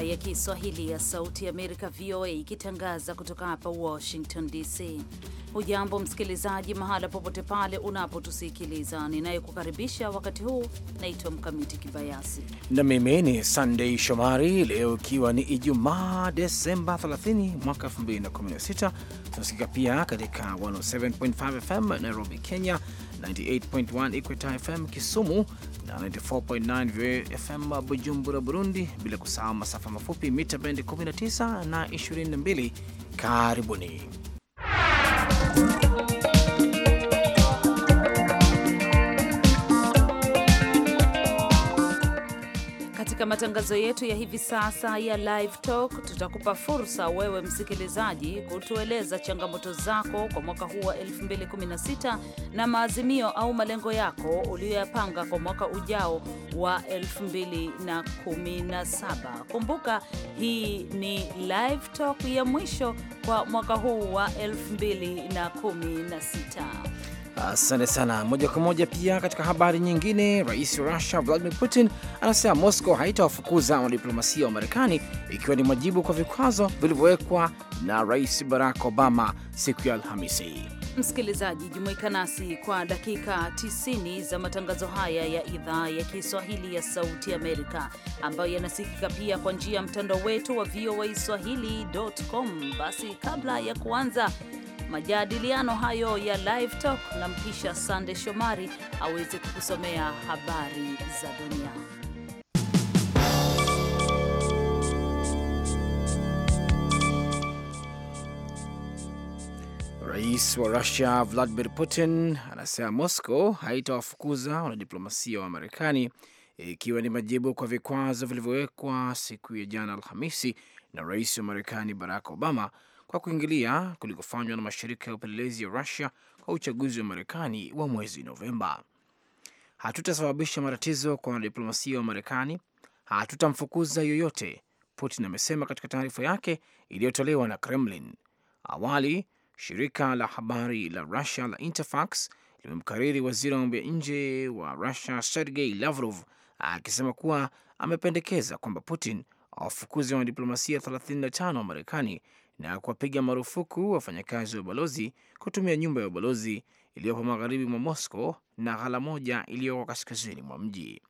idhaa ya Kiswahili ya Sauti ya Amerika, VOA, ikitangaza kutoka hapa Washington DC. Hujambo msikilizaji, mahala popote pale unapotusikiliza. Ninayekukaribisha wakati huu naitwa Mkamiti Kibayasi na mimi ni Sandei Shomari. Leo ikiwa ni Ijumaa, Desemba 30 mwaka 2016, tunasikika pia katika 107.5 FM Nairobi, Kenya 98.1 Equator FM Kisumu na 94.9 VOA FM Bujumbura, Burundi, bila kusahau masafa mafupi mita bendi 19 na 22. Karibuni Katika matangazo yetu ya hivi sasa ya Live Talk tutakupa fursa wewe msikilizaji kutueleza changamoto zako kwa mwaka huu wa 2016 na maazimio au malengo yako uliyoyapanga kwa mwaka ujao wa 2017. Kumbuka hii ni Live Talk ya mwisho kwa mwaka huu wa 2016. Asante sana. Moja kwa moja pia katika habari nyingine, rais wa Rusia Vladimir Putin anasema Moscow haitawafukuza wanadiplomasia wa Marekani, ikiwa ni majibu kwa vikwazo vilivyowekwa na Rais Barack Obama siku ya Alhamisi. Msikilizaji, jumuika nasi kwa dakika 90 za matangazo haya ya idhaa ya Kiswahili ya Sauti Amerika, ambayo yanasikika pia kwa njia ya mtandao wetu wa VOA swahili.com. Basi kabla ya kuanza Majadiliano hayo ya Live Talk na mpisha Sande Shomari aweze kukusomea habari za dunia. Rais wa rusia Vladimir Putin anasema Moscow haitawafukuza wanadiplomasia wa Marekani ikiwa ni majibu kwa vikwazo vilivyowekwa siku ya jana Alhamisi na rais wa Marekani Barack Obama kwa kuingilia kulikofanywa na mashirika ya upelelezi ya Rusia kwa uchaguzi wa Marekani wa mwezi Novemba. Hatutasababisha matatizo kwa wanadiplomasia wa Marekani, hatutamfukuza yoyote, Putin amesema katika taarifa yake iliyotolewa na Kremlin. Awali shirika la habari la Rusia la Interfax limemkariri waziri wa mambo ya nje wa Rusia Sergei Lavrov akisema kuwa amependekeza kwamba Putin awafukuzi wanadiplomasia 35 wa Marekani na kuwapiga marufuku wafanyakazi wa ubalozi kutumia nyumba ya ubalozi iliyopo magharibi mwa Moscow na ghala moja iliyoko kaskazini mwa mji.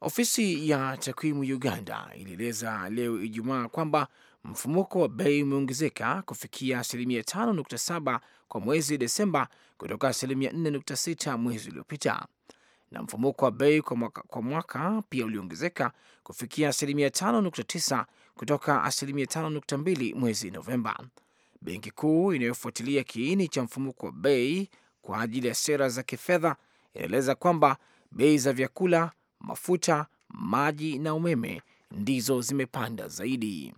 Ofisi ya takwimu Uganda ilieleza leo Ijumaa kwamba mfumuko wa bei umeongezeka kufikia asilimia 5.7 kwa mwezi Desemba kutoka asilimia 4.6 mwezi uliopita, na mfumuko wa bei kwa mwaka, kwa mwaka pia uliongezeka kufikia asilimia 5.9 kutoka asilimia 5.2 mwezi Novemba. Benki Kuu inayofuatilia kiini cha mfumuko wa bei kwa ajili ya sera za kifedha inaeleza kwamba bei za vyakula, mafuta, maji na umeme ndizo zimepanda zaidi.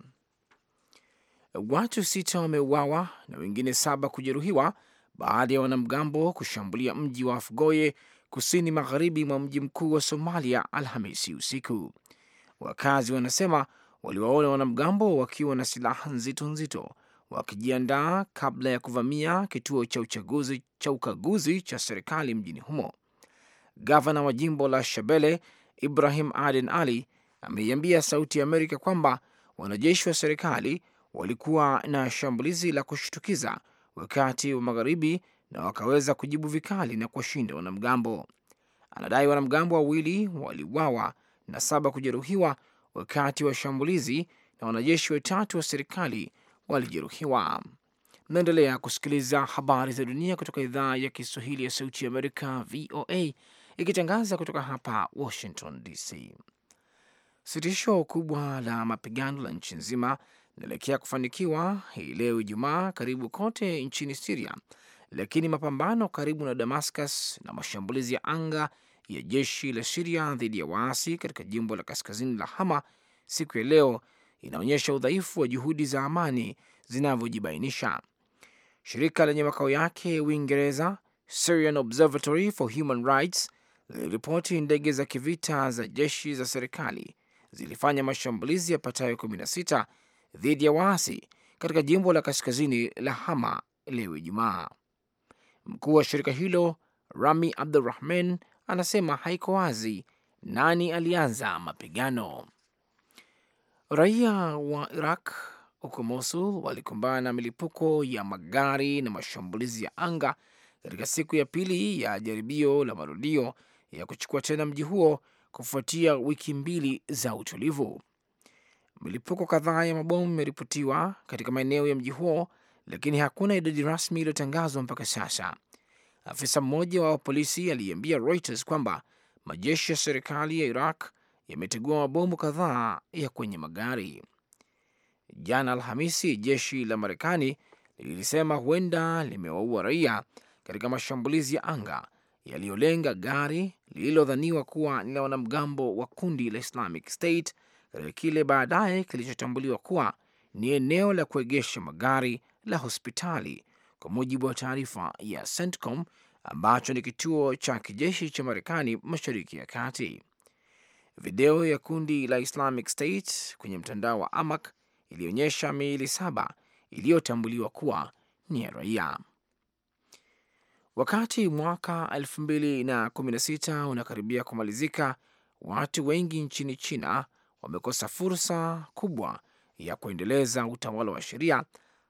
Watu sita wameuawa na wengine saba kujeruhiwa baada ya wanamgambo kushambulia mji wa Afgoye kusini magharibi mwa mji mkuu wa Somalia Alhamisi usiku. Wakazi wanasema waliwaona wanamgambo wakiwa na silaha nzito nzito wakijiandaa kabla ya kuvamia kituo cha uchaguzi cha ukaguzi cha serikali mjini humo. Gavana wa jimbo la Shabele Ibrahim Aden Ali ameiambia Sauti ya Amerika kwamba wanajeshi wa serikali walikuwa na shambulizi la kushtukiza wakati wa magharibi na wakaweza kujibu vikali na kuwashinda wanamgambo. Anadai wanamgambo wawili waliuawa na saba kujeruhiwa wakati wa shambulizi na wanajeshi watatu wa serikali walijeruhiwa. Mnaendelea kusikiliza habari za dunia kutoka idhaa ya Kiswahili ya Sauti ya Amerika, VOA, ikitangaza kutoka hapa Washington DC. Sitisho kubwa la mapigano la nchi nzima inaelekea kufanikiwa hii leo Ijumaa karibu kote nchini Siria, lakini mapambano karibu na Damascus na mashambulizi ya anga ya jeshi la Siria dhidi ya waasi katika jimbo la kaskazini la Hama siku ya leo inaonyesha udhaifu wa juhudi za amani zinavyojibainisha. Shirika lenye makao yake Uingereza, Syrian Observatory for Human Rights, liliripoti ndege za kivita za jeshi za serikali zilifanya mashambulizi ya patayo 16 dhidi ya waasi katika jimbo la kaskazini la Hama leo Ijumaa. Mkuu wa shirika hilo Rami Abdurahman anasema haiko wazi nani alianza mapigano. Raia wa Iraq huko Mosul walikumbana na milipuko ya magari na mashambulizi ya anga katika siku ya pili ya jaribio la marudio ya kuchukua tena mji huo kufuatia wiki mbili za utulivu. Milipuko kadhaa ya mabomu imeripotiwa katika maeneo ya mji huo, lakini hakuna idadi rasmi iliyotangazwa mpaka sasa. Afisa mmoja wa polisi aliambia Reuters kwamba majeshi ya serikali ya Iraq yametegua mabomu kadhaa ya kwenye magari. Jana Alhamisi, jeshi la Marekani lilisema huenda limewaua raia katika mashambulizi ya anga yaliyolenga gari lililodhaniwa kuwa ni la wanamgambo wa kundi la Islamic State katika kile baadaye kilichotambuliwa kuwa ni eneo la kuegesha magari la hospitali kwa mujibu wa taarifa ya CENTCOM ambacho ni kituo cha kijeshi cha Marekani mashariki ya kati. Video ya kundi la Islamic State kwenye mtandao wa Amak ilionyesha miili saba iliyotambuliwa kuwa ni ya raia. Wakati mwaka 2016 unakaribia kumalizika, watu wengi nchini China wamekosa fursa kubwa ya kuendeleza utawala wa sheria,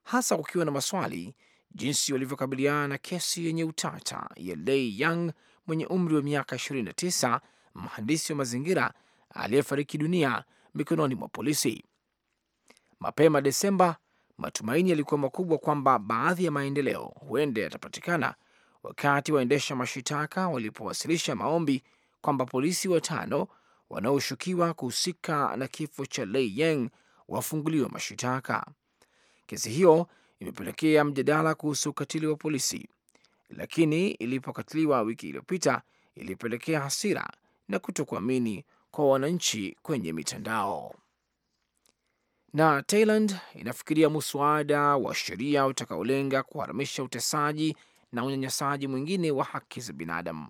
hasa kukiwa na maswali jinsi walivyokabiliana na kesi yenye utata ya Lei Yang mwenye umri wa miaka 29, mhandisi wa mazingira aliyefariki dunia mikononi mwa polisi. Mapema Desemba, matumaini yalikuwa makubwa kwamba baadhi ya maendeleo huenda yatapatikana wakati waendesha mashitaka walipowasilisha maombi kwamba polisi watano wanaoshukiwa kuhusika na kifo cha Lei Yang wafunguliwe mashitaka. Kesi hiyo imepelekea mjadala kuhusu ukatili wa polisi, lakini ilipokatiliwa wiki iliyopita ilipelekea hasira na kutokuamini kwa wananchi kwenye mitandao. Na Thailand inafikiria muswada wa sheria utakaolenga kuharamisha utesaji na unyanyasaji mwingine wa haki za binadamu.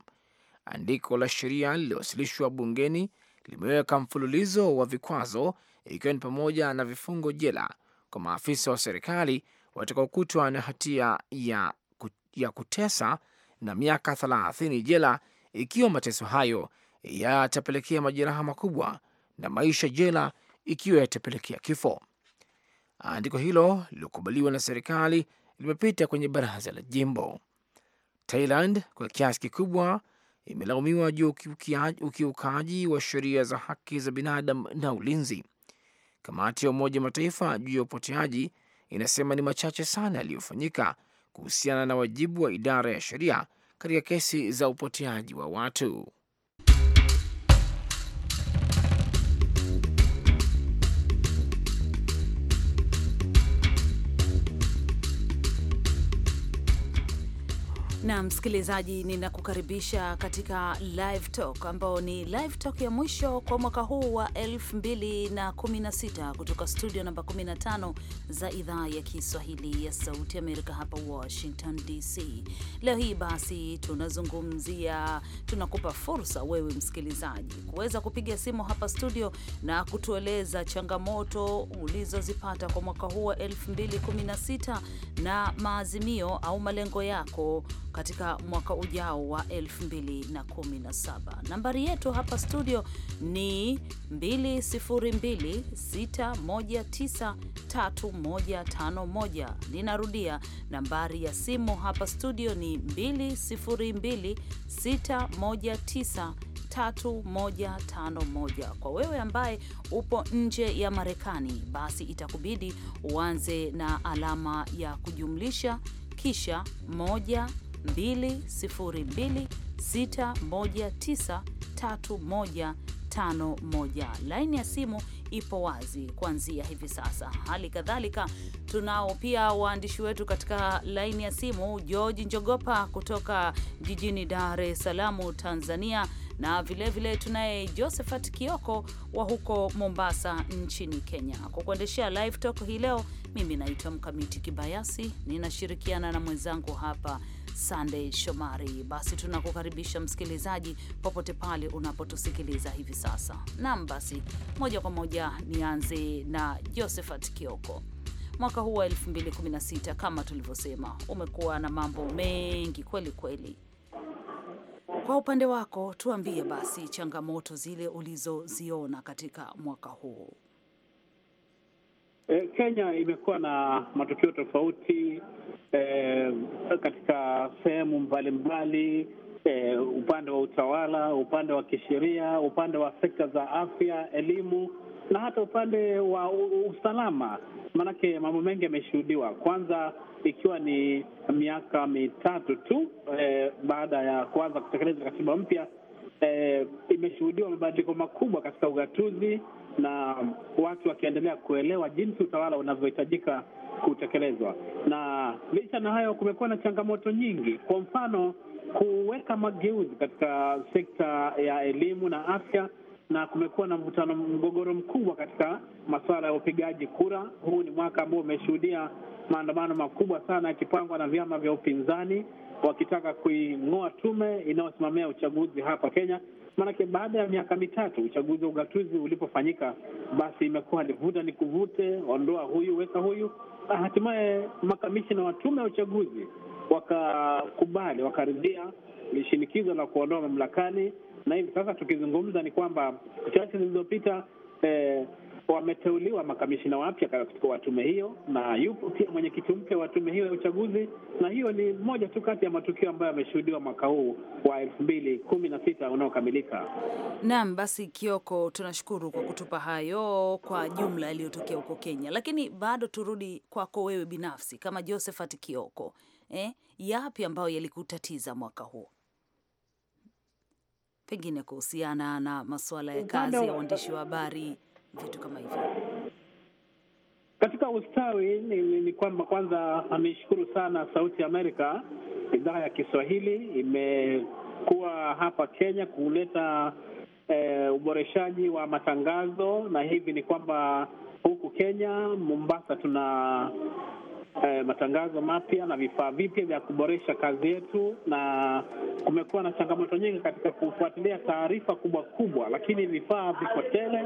Andiko la sheria lililowasilishwa bungeni limeweka mfululizo wa vikwazo, ikiwa ni pamoja na vifungo jela kwa maafisa wa serikali watakaokutwa na hatia ya, ya kutesa na miaka thelathini jela ikiwa mateso hayo yatapelekea majeraha makubwa na maisha jela ikiwa yatapelekea kifo. Andiko hilo lilokubaliwa na serikali limepita kwenye baraza la jimbo. Thailand kwa kiasi kikubwa imelaumiwa juu ukiukaji wa sheria za haki za binadamu na ulinzi. Kamati ya Umoja Mataifa juu ya upoteaji inasema ni machache sana yaliyofanyika kuhusiana na wajibu wa idara ya sheria katika kesi za upoteaji wa watu. na msikilizaji, ninakukaribisha katika live talk ambao ni live talk ya mwisho kwa mwaka huu wa 2016 kutoka studio namba 15 za idhaa ya Kiswahili ya Sauti Amerika hapa Washington DC. Leo hii basi tunazungumzia, tunakupa fursa wewe msikilizaji kuweza kupiga simu hapa studio na kutueleza changamoto ulizozipata kwa mwaka huu wa 2016 na maazimio au malengo yako katika mwaka ujao wa 2017. Nambari yetu hapa studio ni 2026193151. Ninarudia, nambari ya simu hapa studio ni tano, moja. Kwa wewe ambaye upo nje ya Marekani, basi itakubidi uanze na alama ya kujumlisha kisha moja 2026193151. Laini ya simu ipo wazi kuanzia hivi sasa. Hali kadhalika tunao pia waandishi wetu katika laini ya simu, George Njogopa kutoka jijini Dar es Salaam, Tanzania, na vilevile tunaye Josephat Kioko wa huko Mombasa nchini Kenya. Kwa kuendeshea live talk hii leo, mimi naitwa Mkamiti Kibayasi, ninashirikiana na mwenzangu hapa Sandey Shomari. Basi tunakukaribisha msikilizaji, popote pale unapotusikiliza hivi sasa. Naam, basi moja kwa moja nianze na Josephat Kioko. Mwaka huu wa 2016 kama tulivyosema, umekuwa na mambo mengi kweli kweli. Kwa upande wako, tuambie basi changamoto zile ulizoziona katika mwaka huu. E, Kenya imekuwa na matukio tofauti e, katika sehemu mbalimbali e, upande wa utawala, upande wa kisheria, upande wa sekta za afya, elimu na hata upande wa usalama, maanake mambo mengi yameshuhudiwa. Kwanza ikiwa ni miaka mitatu tu e, baada ya kuanza kutekeleza katiba mpya eh, imeshuhudiwa mabadiliko makubwa katika ugatuzi na watu wakiendelea kuelewa jinsi utawala unavyohitajika kutekelezwa. Na licha na hayo, kumekuwa na changamoto nyingi, kwa mfano kuweka mageuzi katika sekta ya elimu na afya, na kumekuwa na mvutano, mgogoro mkubwa katika masuala ya upigaji kura. Huu ni mwaka ambao umeshuhudia maandamano makubwa sana yakipangwa na vyama vya upinzani wakitaka kuing'oa tume inayosimamia uchaguzi hapa Kenya. Maanake baada ya miaka mitatu uchaguzi wa ugatuzi ulipofanyika, basi imekuwa ni vuta ni kuvute, ondoa huyu weka huyu. Ah, hatimaye makamishina wa tume ya uchaguzi wakakubali, wakaridhia shinikizo la kuondoa mamlakani, na hivi sasa tukizungumza ni kwamba chache zilizopita eh, wameteuliwa makamishina wapya katika tume hiyo, na yupo pia mwenyekiti mpya wa tume hiyo ya uchaguzi, na hiyo ni moja tu kati ya matukio ambayo yameshuhudiwa mwaka huu wa elfu mbili kumi na sita unaokamilika. Naam, basi Kioko, tunashukuru kwa kutupa hayo kwa jumla yaliyotokea huko Kenya, lakini bado turudi kwako wewe binafsi kama Josephat Kioko. Eh, yapi ambayo yalikutatiza mwaka huu pengine kuhusiana na masuala ya kazi ya uandishi wa habari? vitu kama hivyo? Katika ustawi ni, ni, ni kwamba kwanza ameshukuru sana Sauti ya Amerika idhaa ya Kiswahili imekuwa hapa Kenya kuleta eh, uboreshaji wa matangazo, na hivi ni kwamba huku Kenya Mombasa tuna eh, matangazo mapya na vifaa vipya vya kuboresha kazi yetu, na kumekuwa na changamoto nyingi katika kufuatilia taarifa kubwa kubwa, lakini vifaa viko tele,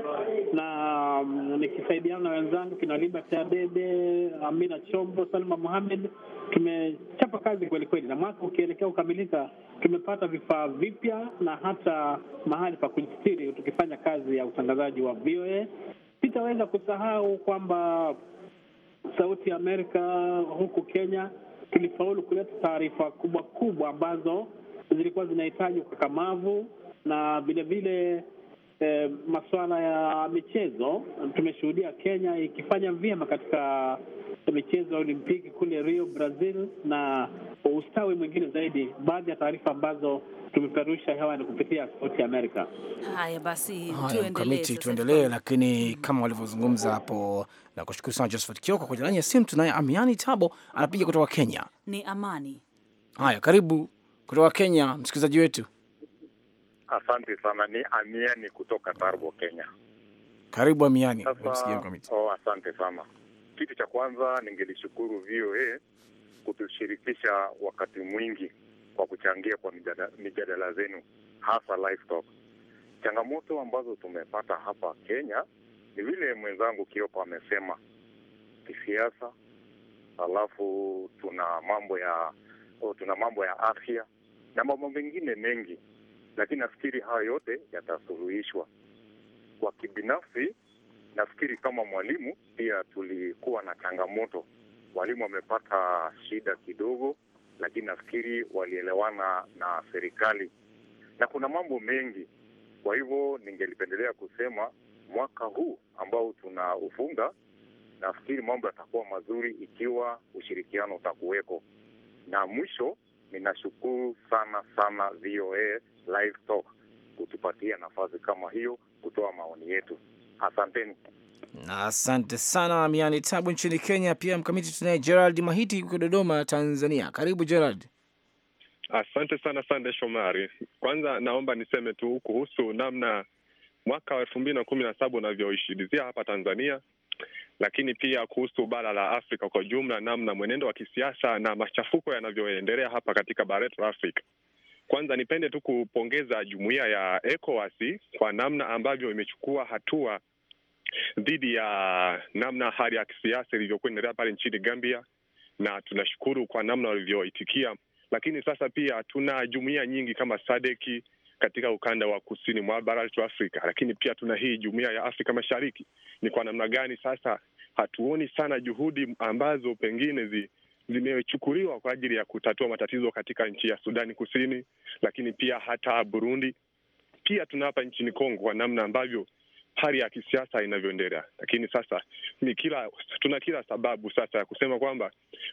na um, nikisaidiana na wenzangu kina Liba Adede, Amina Chombo, Salma Mohamed, tumechapa kazi kweli kweli, na mwaka ukielekea kukamilika, tumepata vifaa vipya na hata mahali pa kujistiri tukifanya kazi ya utangazaji wa VOA. Sitaweza kusahau kwamba Sauti ya Amerika huku Kenya tulifaulu kuleta taarifa kubwa kubwa ambazo zilikuwa zinahitaji ukakamavu na vilevile eh, masuala ya michezo, tumeshuhudia Kenya ikifanya vyema katika michezo ya Olimpiki kule Rio, Brazil, na ustawi mwingine zaidi, baadhi ya taarifa ambazo tumeperusha hewa ni kupitia Sauti Amerika. Haya basi, tuendelee tuendelee, lakini kama walivyozungumza hapo, na kushukuru sana Josephat Kioko. Kwenye laini ya simu tunaye Amiani Tabo, anapiga kutoka Kenya. Ni Amani. Haya, karibu kutoka Kenya, msikilizaji wetu. Asante sana, ni Amiani kutoka Tarbo, Kenya. Karibu Amiani. Sasa, oh, asante sana. Kitu cha kwanza ningelishukuru VOA kutushirikisha wakati mwingi kwa kuchangia kwa mijadala zenu, hasa livestock. Changamoto ambazo tumepata hapa Kenya ni vile mwenzangu kiopa amesema kisiasa, alafu tuna mambo ya oh, tuna mambo ya afya na mambo mengine mengi lakini nafikiri haya yote yatasuluhishwa. Kwa kibinafsi, nafikiri kama mwalimu pia tulikuwa na changamoto. Walimu wamepata shida kidogo, lakini nafikiri walielewana na serikali, na kuna mambo mengi. Kwa hivyo ningelipendelea kusema mwaka huu ambao tunaufunga, nafikiri mambo yatakuwa mazuri ikiwa ushirikiano utakuweko. Na mwisho ninashukuru sana sana VOA Live Talk kutupatia nafasi kama hiyo kutoa maoni yetu. Asanteni asante sana Miani Tabu nchini Kenya. Pia mkamiti tunaye Gerald Mahiti huko Dodoma, Tanzania. Karibu Gerald. Asante sana Sande Shomari. Kwanza naomba niseme tu kuhusu namna mwaka wa elfu mbili na kumi na saba unavyoishidizia hapa Tanzania lakini pia kuhusu bara la Afrika kwa jumla, namna mwenendo wa kisiasa na machafuko yanavyoendelea hapa katika bara la Afrika. Kwanza nipende tu kupongeza jumuiya ya ECOWAS kwa namna ambavyo imechukua hatua dhidi ya namna hali ya kisiasa ilivyokuwa inaendelea pale nchini Gambia, na tunashukuru kwa namna walivyoitikia. Lakini sasa pia tuna jumuiya nyingi kama Sadeki katika ukanda wa kusini mwa bara letu Afrika, lakini pia tuna hii jumuiya ya Afrika Mashariki. Ni kwa namna gani sasa hatuoni sana juhudi ambazo pengine zi, zimechukuliwa kwa ajili ya kutatua matatizo katika nchi ya Sudani Kusini, lakini pia hata Burundi. Pia tuna hapa nchini Kongo kwa namna ambavyo hali ya kisiasa inavyoendelea. Lakini sasa ni kila tuna kila sababu sasa ya kusema kwamba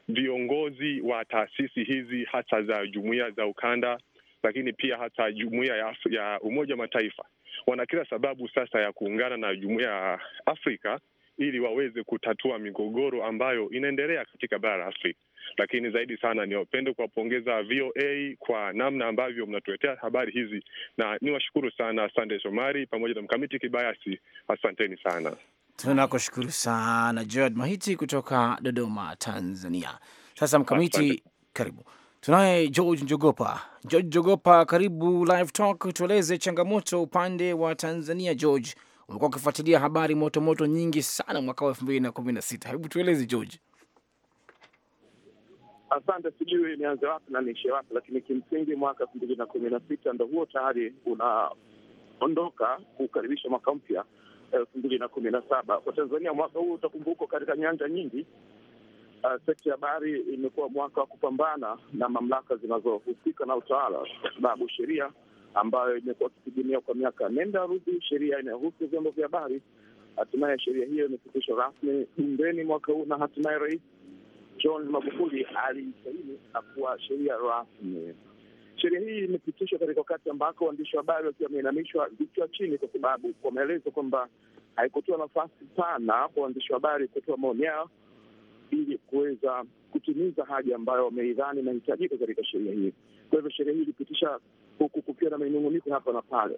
viongozi wa taasisi hizi hasa za jumuiya za ukanda lakini pia hata jumuia ya, ya Umoja wa Mataifa wana kila sababu sasa ya kuungana na jumuia ya Afrika ili waweze kutatua migogoro ambayo inaendelea katika bara la Afrika. Lakini zaidi sana niwapende kuwapongeza VOA kwa namna ambavyo mnatuletea habari hizi, na niwashukuru sana Sande Shomari pamoja na Mkamiti Kibayasi. Asanteni sana. Tunakushukuru sana Gerard Mahiti kutoka Dodoma, Tanzania. Sasa Mkamiti, karibu. Tunaye George Njogopa. George Njogopa, karibu Live Talk. Tueleze changamoto upande wa Tanzania. George, umekuwa ukifuatilia habari motomoto -moto nyingi sana mwaka wa elfu mbili na kumi na sita. Hebu tueleze George. Asante, sijui nianze wapi na niishe wapi, lakini kimsingi mwaka elfu mbili na kumi na sita ndo huo tayari unaondoka kukaribisha mwaka mpya elfu mbili na kumi na saba kwa Tanzania. Mwaka huu utakumbukwa katika nyanja nyingi uh, sekta ya habari imekuwa mwaka wa kupambana na mamlaka zinazohusika na utawala, kwa sababu sheria ambayo imekuwa ikitegemewa kwa miaka nenda rudi, sheria inayohusu vyombo vya habari, hatimaye sheria hiyo imepitishwa rasmi bungeni mwaka huu, na hatimaye Rais John Magufuli alisaini na kuwa sheria rasmi. Sheria hii imepitishwa katika wakati ambako waandishi wa habari wakiwa wameinamishwa vichwa chini, kwa sababu kwa maelezo kwamba haikutoa nafasi sana kwa waandishi wa habari kutoa maoni yao ili kuweza kutimiza haja ambayo wameidhani inahitajika katika sheria hii. Kwa hivyo sheria hii ilipitisha huku kukiwa na minunguniko hapa na pale,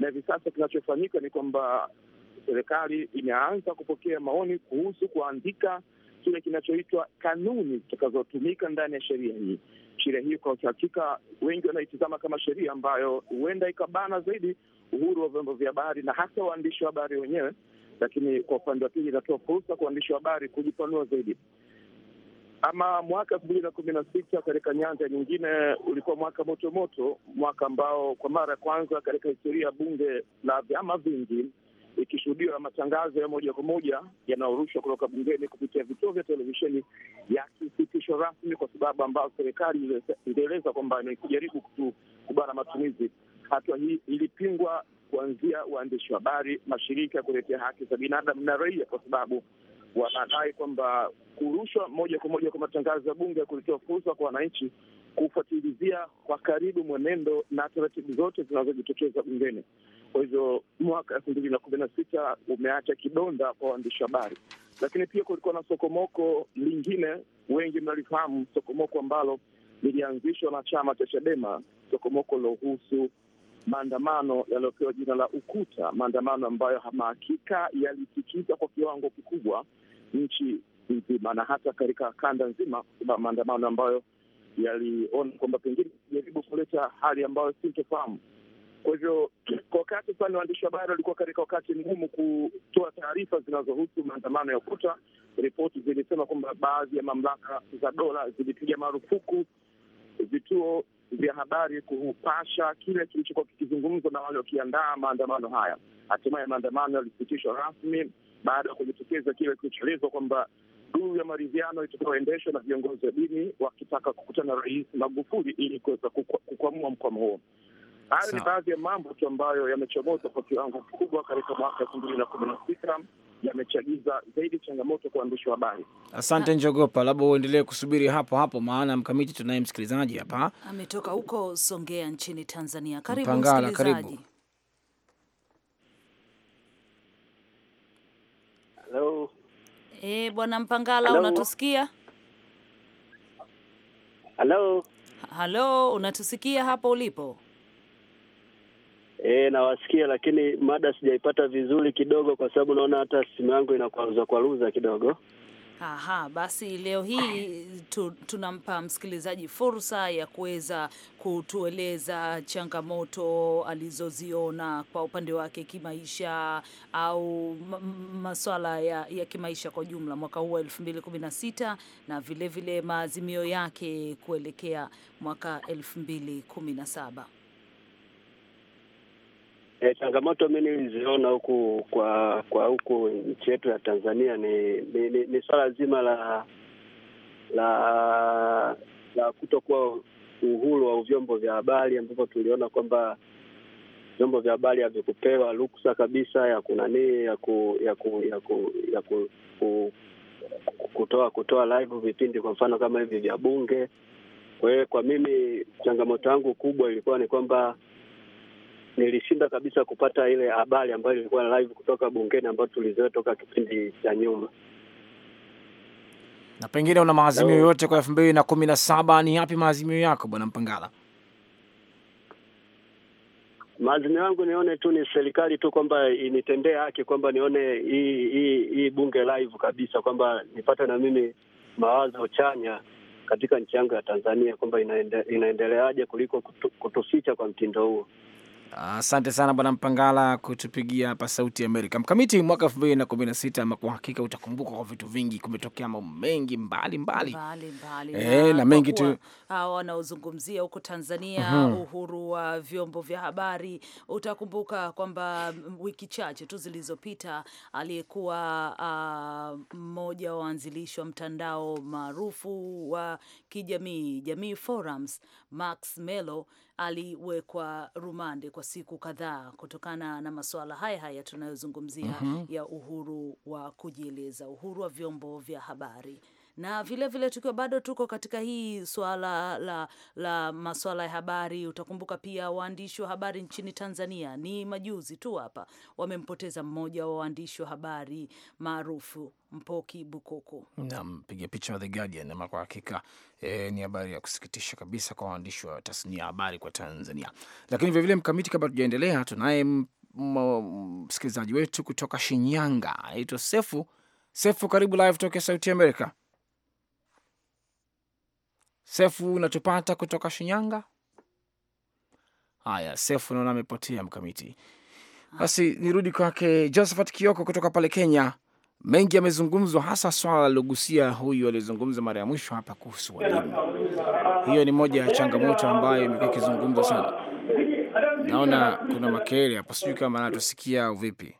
na hivi sasa kinachofanyika ni kwamba serikali imeanza kupokea maoni kuhusu kuandika kile kinachoitwa kanuni zitakazotumika ndani ya sheria hii. Sheria hii kwa uhakika wengi wanaitizama kama sheria ambayo huenda ikabana zaidi uhuru wa vyombo vya habari na hasa waandishi wa habari wenyewe lakini kwa upande wa pili inatoa fursa kwa waandishi wa habari kujipanua zaidi. Ama mwaka elfu mbili na kumi na sita katika nyanja nyingine ulikuwa mwaka motomoto, mwaka ambao kwa mara ya kwanza katika historia ya bunge la vyama vingi ikishuhudiwa matangazo ya moja kwa moja yanayorushwa kutoka bungeni kupitia vituo vya televisheni yakisitishwa rasmi kwa sababu ambayo serikali ilieleza kwamba inajaribu kubana matumizi. Hatua hii ilipingwa kuanzia waandishi wa habari, mashirika ya kutetea haki za binadamu na raia, kwa sababu wanadai kwamba kurushwa moja kwa moja kwa matangazo ya bunge ya kulitoa fursa kwa wananchi kufuatilizia kwa karibu mwenendo na taratibu zote zinazojitokeza bungeni. Kwa hivyo mwaka elfu mbili na kumi na sita umeacha kidonda kwa waandishi wa habari, lakini pia kulikuwa na sokomoko lingine, wengi mnalifahamu sokomoko ambalo lilianzishwa na chama cha Chadema, sokomoko lilohusu maandamano yaliyopewa jina la Ukuta, maandamano ambayo hamahakika yalitikisa kwa kiwango kikubwa nchi nzima na hata katika kanda nzima, maandamano ambayo yaliona kwamba pengine jaribu kuleta hali ambayo sintofahamu. Kwa hivyo kwa wakati fulani waandishi wa habari walikuwa katika wakati mgumu kutoa taarifa zinazohusu maandamano ya Ukuta. Ripoti zilisema kwamba baadhi ya mamlaka za dola zilipiga marufuku vituo vya habari kupasha kile kilichokuwa kikizungumzwa na wale wakiandaa maandamano haya. Hatimaye maandamano yalisitishwa rasmi baada ya kujitokeza kile kilichoelezwa kwamba duu ya maridhiano itakayoendeshwa na viongozi wa dini wakitaka kukutana Rais Magufuli ili kuweza kukwamua mkwamo huo. Hayo ni baadhi ya mambo tu ambayo yamechomoza kwa kiwango kikubwa katika mwaka elfu mbili na kumi na sita yamechagiza zaidi changamoto kwa waandishi wa habari. Asante Njogopa, labda uendelee kusubiri hapo hapo, maana mkamiti tunaye msikilizaji hapa ametoka huko Songea nchini Tanzania. Karibu Mpangala, Hello. E, bwana Mpangala Hello. Unatusikia? Halo, unatusikia hapo ulipo? E, nawasikia lakini mada sijaipata vizuri kidogo, kwa sababu naona hata simu yangu inakwaruza kwaruza kidogo. Aha, basi leo hii tu, tunampa msikilizaji fursa ya kuweza kutueleza changamoto alizoziona kwa upande wake kimaisha au masuala ya, ya kimaisha kwa jumla mwaka huu wa 2016 na vilevile maazimio yake kuelekea mwaka 2017. E, changamoto mi niliziona huku kwa kwa huku nchi yetu ya Tanzania ni ni, ni, ni swala zima la la la kutokuwa uhuru wa vyombo vya habari, ambapo tuliona kwamba vyombo vya habari havikupewa ruksa kabisa ya kunanii ya ku, ya ku, ya ku, ya ku, ku, kutoa kutoa live vipindi kwa mfano kama hivi vya Bunge. Kwa hiyo kwa mimi changamoto yangu kubwa ilikuwa ni kwamba nilishinda kabisa kupata ile habari ambayo ilikuwa live kutoka bungeni ambayo tulizoea toka kipindi cha nyuma. Na pengine una maazimio yote kwa elfu mbili na kumi na saba ni yapi maazimio yako bwana Mpangala? Maazimio yangu nione tu ni serikali tu kwamba initendee haki, kwamba nione hii hii hii bunge live kabisa, kwamba nipate na mimi mawazo chanya katika nchi yangu ya Tanzania, kwamba inaende, inaendeleaje kuliko kutu, kutuficha kwa mtindo huo. Asante sana bwana Mpangala kutupigia hapa Sauti ya Amerika. Mkamiti, mwaka elfu mbili na kumi na sita ama kwa hakika utakumbuka kwa vitu vingi, kumetokea mambo mengi mbalimbali e, eh, na mengi tu ah, wanaozungumzia huko Tanzania uhum. uhuru wa vyombo vya habari. Utakumbuka kwamba wiki chache tu zilizopita aliyekuwa ah, mmoja uh, wa waanzilishi wa mtandao maarufu wa kijamii Jamii Forums Max Melo aliwekwa rumande kwa siku kadhaa kutokana na masuala haya haya tunayozungumzia mm -hmm. ya uhuru wa kujieleza, uhuru wa vyombo vya habari na vilevile vile tukiwa bado tuko katika hii swala la, la maswala ya habari, utakumbuka pia waandishi wa habari nchini Tanzania ni majuzi tu hapa wamempoteza mmoja wa waandishi wa habari maarufu Mpoki Bukuku. Naam, piga picha wa The Guardian, ama kwa hakika e, ni habari ya kusikitisha kabisa kwa waandishi wa tasnia ya habari kwa Tanzania. Lakini vilevile mkamiti, kabla tujaendelea, tunaye msikilizaji wetu kutoka Shinyanga anaitwa Sefu. Sefu, karibu live toke Sauti Amerika. Sefu, unatupata kutoka Shinyanga? Haya, Sefu naona amepotea mkamiti. Basi nirudi kwake Josephat Kioko kutoka pale Kenya. Mengi yamezungumzwa, hasa swala aliogusia huyu aliyezungumza mara ya mwisho hapa kuhusu walimu. Hiyo ni moja ya changamoto ambayo imekuwa ikizungumzwa sana. Naona kuna makelele hapo, sijui kama anatusikia au vipi.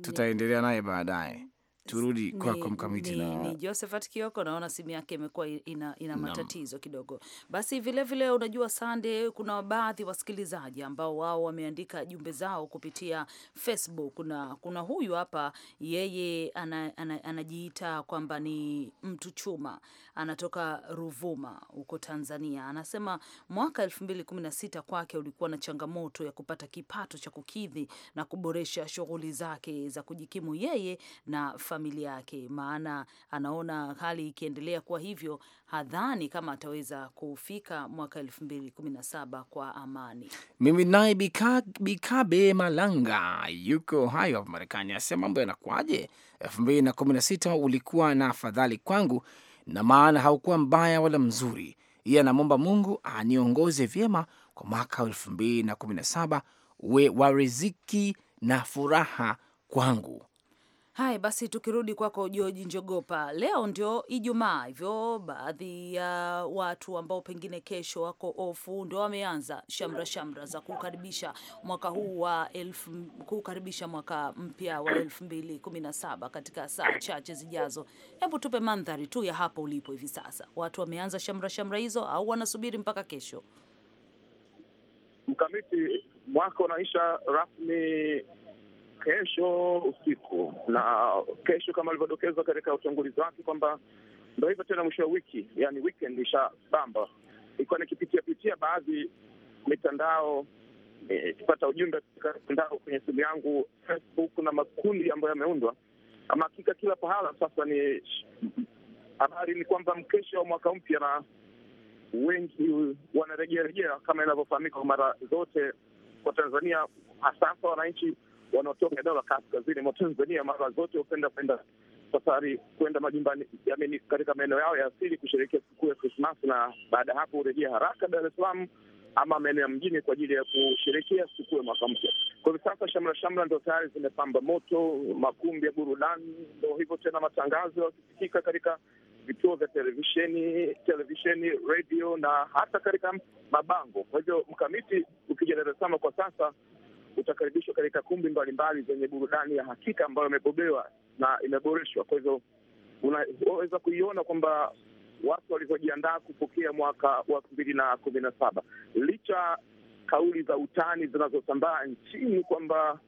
Tutaendelea naye baadaye turudi kwako mkamiti na ni Josephat Kioko, naona simu yake imekuwa ina, ina matatizo no. kidogo. Basi vilevile vile, unajua Sande, kuna baadhi wasikilizaji ambao wao wameandika jumbe zao kupitia Facebook na kuna huyu hapa yeye ana, ana, anajiita kwamba ni mtu chuma, anatoka Ruvuma huko Tanzania. Anasema mwaka 2016 kwake ulikuwa na changamoto ya kupata kipato cha kukidhi na kuboresha shughuli zake za kujikimu yeye na familia yake, maana anaona hali ikiendelea kwa hivyo hadhani kama ataweza kufika mwaka elfu mbili kumi na saba kwa amani. Mimi naye Bikabe Bika Malanga yuko hayo hapa Marekani, asema mambo yanakuwaje? elfu mbili na kumi na sita ulikuwa na afadhali kwangu, na maana haukuwa mbaya wala mzuri. Iye anamwomba Mungu aniongoze vyema kwa mwaka elfu mbili na kumi na saba uwe wa riziki na furaha kwangu. Haya basi, tukirudi kwako George Njogopa, leo ndio Ijumaa, hivyo baadhi ya uh, watu ambao pengine kesho wako ofu ndio wameanza shamra shamra za kukaribisha mwaka huu wa elfu, kukaribisha mwaka mpya wa elfu mbili kumi na saba katika saa chache zijazo. Hebu tupe mandhari tu ya hapo ulipo hivi sasa, watu wameanza shamra shamra hizo au wanasubiri mpaka kesho? Mkamiti, mwaka unaisha rasmi kesho usiku, na kesho kama alivyodokezwa katika utangulizi wake kwamba ndo hivyo tena, mwisho wa wiki, yani weekend isha bamba. Ilikuwa nikipitia pitia baadhi mitandao e, ikipata ujumbe katika mitandao kwenye simu yangu Facebook na makundi ambayo yameundwa, ama hakika kila pahala sasa ni habari ni kwamba mkesha wa mwaka mpya, na wengi wanarejearejea kama inavyofahamika kwa mara zote kwa Tanzania, hasasa wananchi wanaotoka eneo la kaskazini mwa Tanzania mara zote hupenda kwenda safari kwenda majumbani, yaani katika maeneo yao ya asili kusherehekea sikukuu ya Krismas, na baada ya hapo hurejea haraka Dar es Salaam ama maeneo ya mjini kwa ajili ya kusherehekea sikukuu ya mwaka mpya. Kwa hivi sasa shamra shamra ndo tayari zimepamba moto, makumbi ya burudani ndo hivyo tena, matangazo yakisikika katika vituo vya televisheni, televisheni, redio na hata katika mabango. Kwa hivyo mkamiti, ukija Dar es Salaam kwa sasa utakaribishwa katika kumbi mbalimbali zenye burudani ya hakika ambayo imebobewa na imeboreshwa. Kwa hivyo unaweza kuiona kwamba watu walivyojiandaa kupokea mwaka wa elfu mbili na kumi na saba licha kauli za utani zinazosambaa nchini kwamba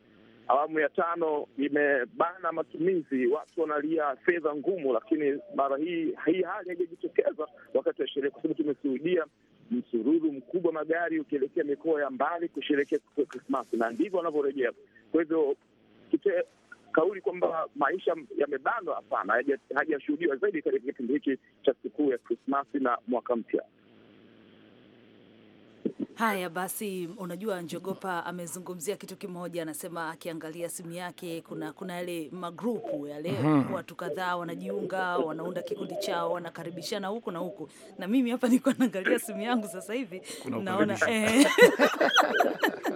awamu ya tano imebana matumizi, watu wanalia fedha ngumu, lakini mara hii hii hali haijajitokeza wakati wa sherehe, kwa sababu tumeshuhudia msururu mkubwa magari ukielekea mikoa ya mbali kusherekea Krismasi, na ndivyo wanavyorejea. Kwa hivyo kauli kwamba maisha yamebanwa, hapana, hajashuhudiwa zaidi katika kipindi hiki cha sikukuu ya Krismasi na mwaka mpya. Haya basi, unajua Njogopa amezungumzia kitu kimoja, anasema akiangalia simu yake kuna kuna yale magrupu yale, mm -hmm. watu kadhaa wanajiunga, wanaunda kikundi chao, wanakaribishana huku na huku, na mimi hapa nilikuwa naangalia simu yangu sasa hivi naona eh,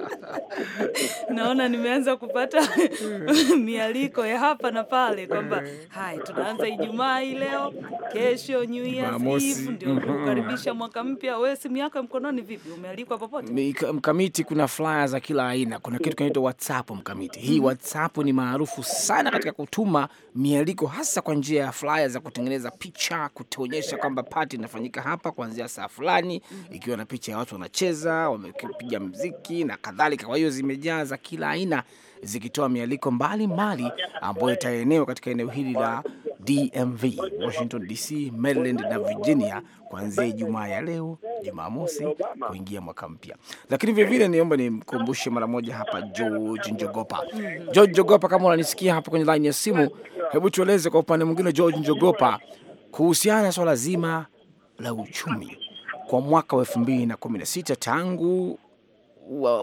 naona nimeanza kupata mialiko ya hapa na pale kwamba eh. hai, tunaanza Ijumaa hii leo, kesho New Year's Eve ndio mhm. kukaribisha mwaka mpya. Wewe simu yako mkononi vipi, umealikwa kwa popote mkamiti, kuna flyer za kila aina, kuna kitu kinaitwa WhatsApp mkamiti. Hii WhatsApp ni maarufu sana katika kutuma mialiko, hasa kwa njia ya flyer za kutengeneza picha, kutuonyesha kwamba pati inafanyika hapa kuanzia saa fulani, ikiwa na picha ya watu wanacheza, wamepiga mziki na kadhalika. Kwa hiyo zimejaa za kila aina, zikitoa mialiko mbalimbali ambayo itaenewa katika eneo hili la DMV, Washington DC, Maryland na Virginia kuanzia Ijumaa ya leo Jumamosi kuingia mwaka mpya. Lakini vilevile niomba nimkumbushe mara moja hapa George Njogopa. George Njogopa, kama unanisikia hapa kwenye line ya simu, hebu tueleze kwa upande mwingine, George Njogopa, kuhusiana na swala zima la uchumi kwa mwaka wa elfu mbili na kumi na sita tangu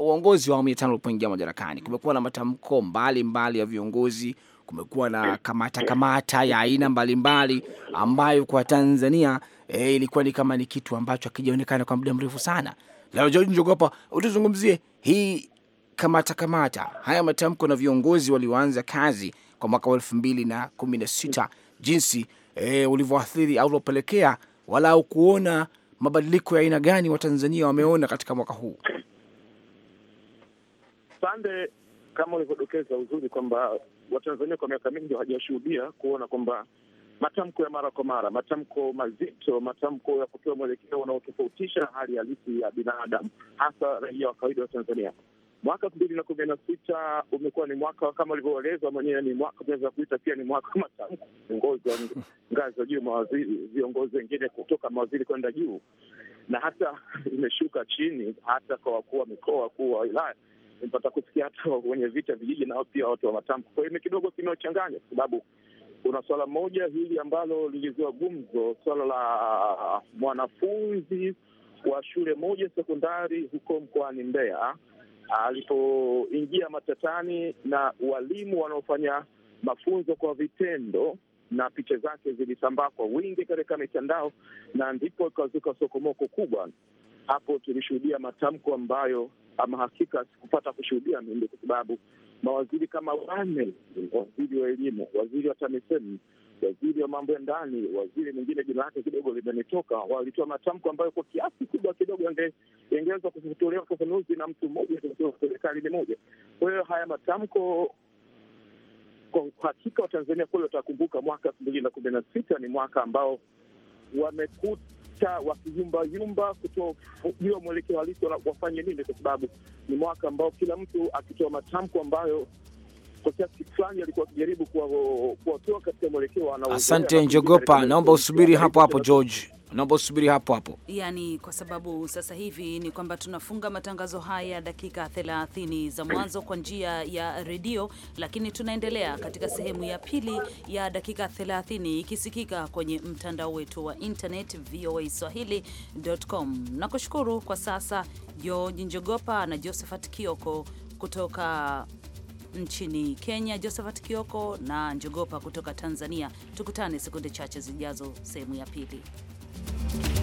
uongozi wa awamu ya tano ulipoingia madarakani, kumekuwa na matamko mbalimbali ya viongozi kumekuwa na kamata kamata ya aina mbalimbali ambayo kwa Tanzania e, ilikuwa ni kama ni kitu ambacho hakijaonekana kwa muda mrefu sana. Leo George Njogopa, utuzungumzie hii kamata kamata, haya matamko na viongozi walioanza kazi kwa mwaka wa elfu mbili na kumi na sita jinsi e, ulivyoathiri au ulopelekea walau kuona mabadiliko ya aina gani Watanzania wameona katika mwaka huu. Sande, kama ulivyodokeza uzuri kwamba Watanzania kwa miaka mingi hawajashuhudia kuona kwamba matamko ya mara kwa mara, matamko mazito, matamko ya kutoa mwelekeo unaotofautisha hali halisi ya binadamu, hasa raia wa kawaida wa Tanzania. Mwaka elfu mbili na kumi na sita umekuwa ni mwaka kama ulivyoelezwa mwenyewe, ni mwaka unaweza kuita pia ni mwaka wa matamko, viongozi wa ngazi za juu, mawaziri, viongozi wengine kutoka mawaziri kwenda juu, na hata imeshuka chini hata kwa wakuu wa mikoa, wakuu wa wilaya nilipata kusikia hata wenye vita vijiji nao pia watu wa matamko. Kwa hiyo ni kidogo kimeochanganya, kwa sababu kuna swala moja hili ambalo lilizua gumzo, suala la mwanafunzi wa shule moja sekondari huko mkoani Mbeya alipoingia matatani na walimu wanaofanya mafunzo kwa vitendo na picha zake zilisambaa kwa wingi katika mitandao, na ndipo ikazuka sokomoko kubwa. Hapo tulishuhudia matamko ambayo ama hakika sikupata kushuhudia mimi, kwa sababu mawaziri kama wanne, waziri wa elimu, waziri wa TAMISEMI, waziri wa mambo ya ndani, waziri mwingine jina lake kidogo limenitoka, walitoa matamko ambayo kwa kiasi kubwa kidogo yangeweza kutolewa ufafanuzi na mtu mmoja, serikali ni moja. Kwa hiyo haya matamko kwa uhakika Watanzania kule watakumbuka mwaka elfu mbili na kumi na sita ni mwaka ambao wamekuta hata wakiyumbayumba kutojua mwelekeo halisi wafanye nini, kwa sababu ni mwaka ambao kila mtu akitoa matamko ambayo kwa kiasi fulani alikuwa akijaribu kuwatoa katika mwelekeo. Asante Njogopa, naomba usubiri hapo hapo George naomba usubiri hapo hapo. Yani kwa sababu sasa hivi ni kwamba tunafunga matangazo haya dakika 30 za mwanzo kwa njia ya redio, lakini tunaendelea katika sehemu ya pili ya dakika 30 ikisikika kwenye mtandao wetu wa internet voa swahili.com. Nakushukuru kwa sasa George Njogopa na Josephat Kioko kutoka nchini Kenya, Josephat Kioko na Njogopa kutoka Tanzania. Tukutane sekunde chache zijazo, sehemu ya pili. Thank you.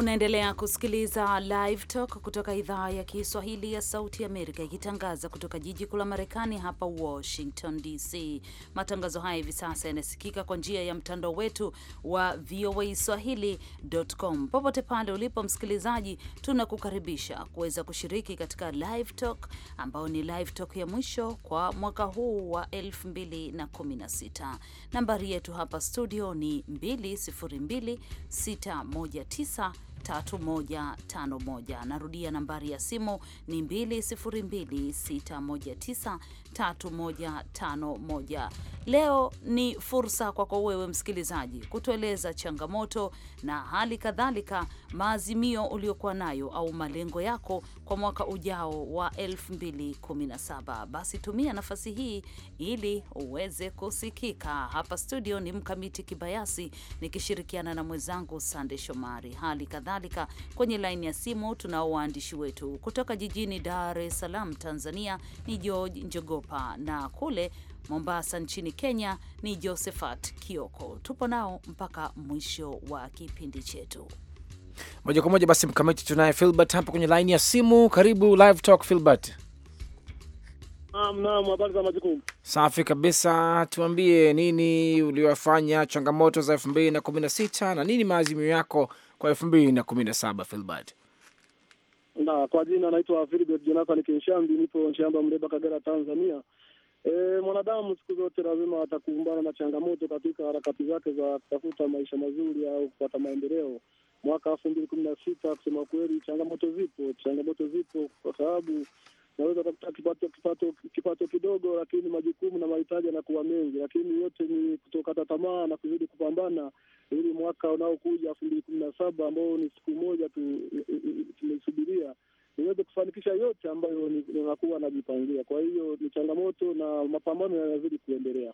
Unaendelea kusikiliza Live Talk kutoka idhaa ya Kiswahili ya Sauti Amerika ikitangaza kutoka jiji kuu la Marekani hapa Washington DC. Matangazo haya hivi sasa yanasikika kwa njia ya mtandao wetu wa voa Swahili.com. Popote pale ulipo msikilizaji, tunakukaribisha kuweza kushiriki katika Live Talk ambao ni Live Talk ya mwisho kwa mwaka huu wa 2016. Nambari yetu hapa studio ni 22619 3151. Narudia, nambari ya simu ni 2026193151. Leo ni fursa kwako wewe msikilizaji kutueleza changamoto na hali kadhalika maazimio uliokuwa nayo au malengo yako kwa mwaka ujao wa 2017. Basi tumia nafasi hii ili uweze kusikika. Hapa studio ni Mkamiti Kibayasi nikishirikiana na mwenzangu Sande Shomari. Hali kadhalika kwenye laini ya simu tunao waandishi wetu kutoka jijini Dar es Salaam, Tanzania ni George Njogopa na kule Mombasa nchini Kenya ni Josephat Kioko. Tupo nao mpaka mwisho wa kipindi chetu moja kwa moja. Basi mkamiti, tunaye Filbert hapa kwenye laini ya simu. Karibu Live Talk, Filbert. Naam, naam, habari za majukumu? Safi kabisa. Tuambie nini uliofanya, changamoto za elfu mbili na kumi na sita na nini maazimio yako kwa elfu mbili na kumi na saba Filbert? Na kwa jina naitwa Filbert Jonathan Kinshambi, nipo Nshamba, Mreba, Kagera, Tanzania. E, mwanadamu siku zote lazima atakumbana na changamoto katika harakati zake za kutafuta maisha mazuri au kupata maendeleo mwaka elfu mbili kumi na sita. Kusema kweli, changamoto zipo, changamoto zipo kwa sababu naweza ukakuta kipato kipato kipato kidogo, lakini majukumu na mahitaji yanakuwa mengi, lakini yote ni kutokata tamaa na kuzidi kupambana ili mwaka unaokuja elfu mbili kumi na saba ambao ni siku moja tu niweze kufanikisha yote ambayo ninakuwa najipangia. Kwa hiyo ni changamoto na mapambano yanazidi kuendelea.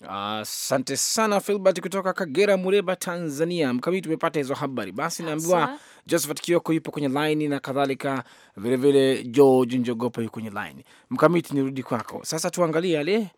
Asante uh, sana Filbert kutoka Kagera, Mureba, Tanzania. mkamiti tumepata hizo habari. Basi naambiwa Josephat Kioko yupo kwenye laini na kadhalika vilevile, George Njogopa yuko kwenye laini. Mkamiti, nirudi kwako sasa, tuangalie yale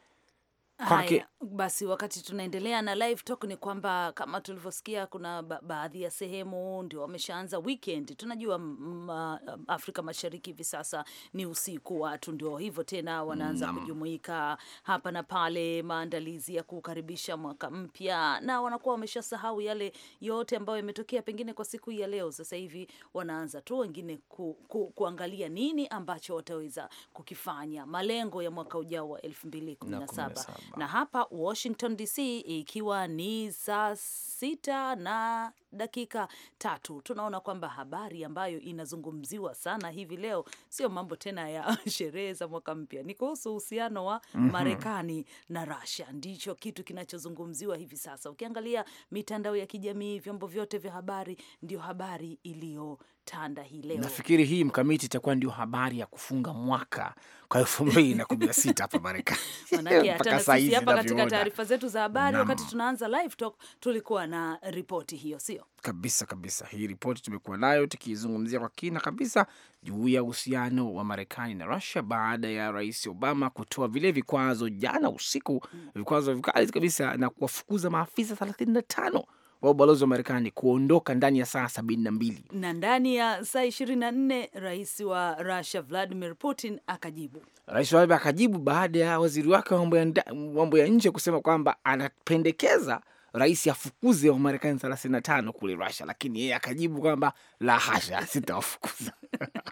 Haya, basi wakati tunaendelea na live talk ni kwamba kama tulivyosikia, kuna ba baadhi ya sehemu ndio wameshaanza weekend. Tunajua ma Afrika Mashariki hivi sasa ni usiku, watu ndio hivyo tena wanaanza mm, kujumuika hapa na pale, maandalizi ya kukaribisha mwaka mpya, na wanakuwa wameshasahau yale yote ambayo yametokea pengine kwa siku ya leo. Sasa hivi wanaanza tu wengine ku, ku, kuangalia nini ambacho wataweza kukifanya, malengo ya mwaka ujao wa 2017 na hapa Washington DC ikiwa ni saa sita na dakika tatu, tunaona kwamba habari ambayo inazungumziwa sana hivi leo sio mambo tena ya sherehe za mwaka mpya, ni kuhusu uhusiano wa mm -hmm. Marekani na Russia, ndicho kitu kinachozungumziwa hivi sasa. Ukiangalia mitandao ya kijamii, vyombo vyote vya habari, ndio habari iliyo kitanda hii leo. Nafikiri hii mkamiti itakuwa ndio habari ya kufunga mwaka kwa elfu mbili na kumi na sita hapa Marekani. hapa katika taarifa zetu za habari, wakati tunaanza live talk, tulikuwa na ripoti hiyo, sio kabisa kabisa. Hii ripoti tumekuwa nayo tukizungumzia kwa kina kabisa juu ya uhusiano wa Marekani na rusia baada ya Rais Obama kutoa vile vikwazo jana usiku, mm. vikwazo vikali kabisa na kuwafukuza maafisa thelathini na tano wa ubalozi wa Marekani kuondoka ndani ya saa sabini na mbili na ndani ya saa ishirini na nne rais wa Russia Vladimir Putin akajibu. Rais wa akajibu baada ya waziri wake wa mambo ya nje kusema kwamba anapendekeza rais afukuze wa Marekani tano kule rusia lakini yeye akajibu kwamba la hasha, sitawafukuza.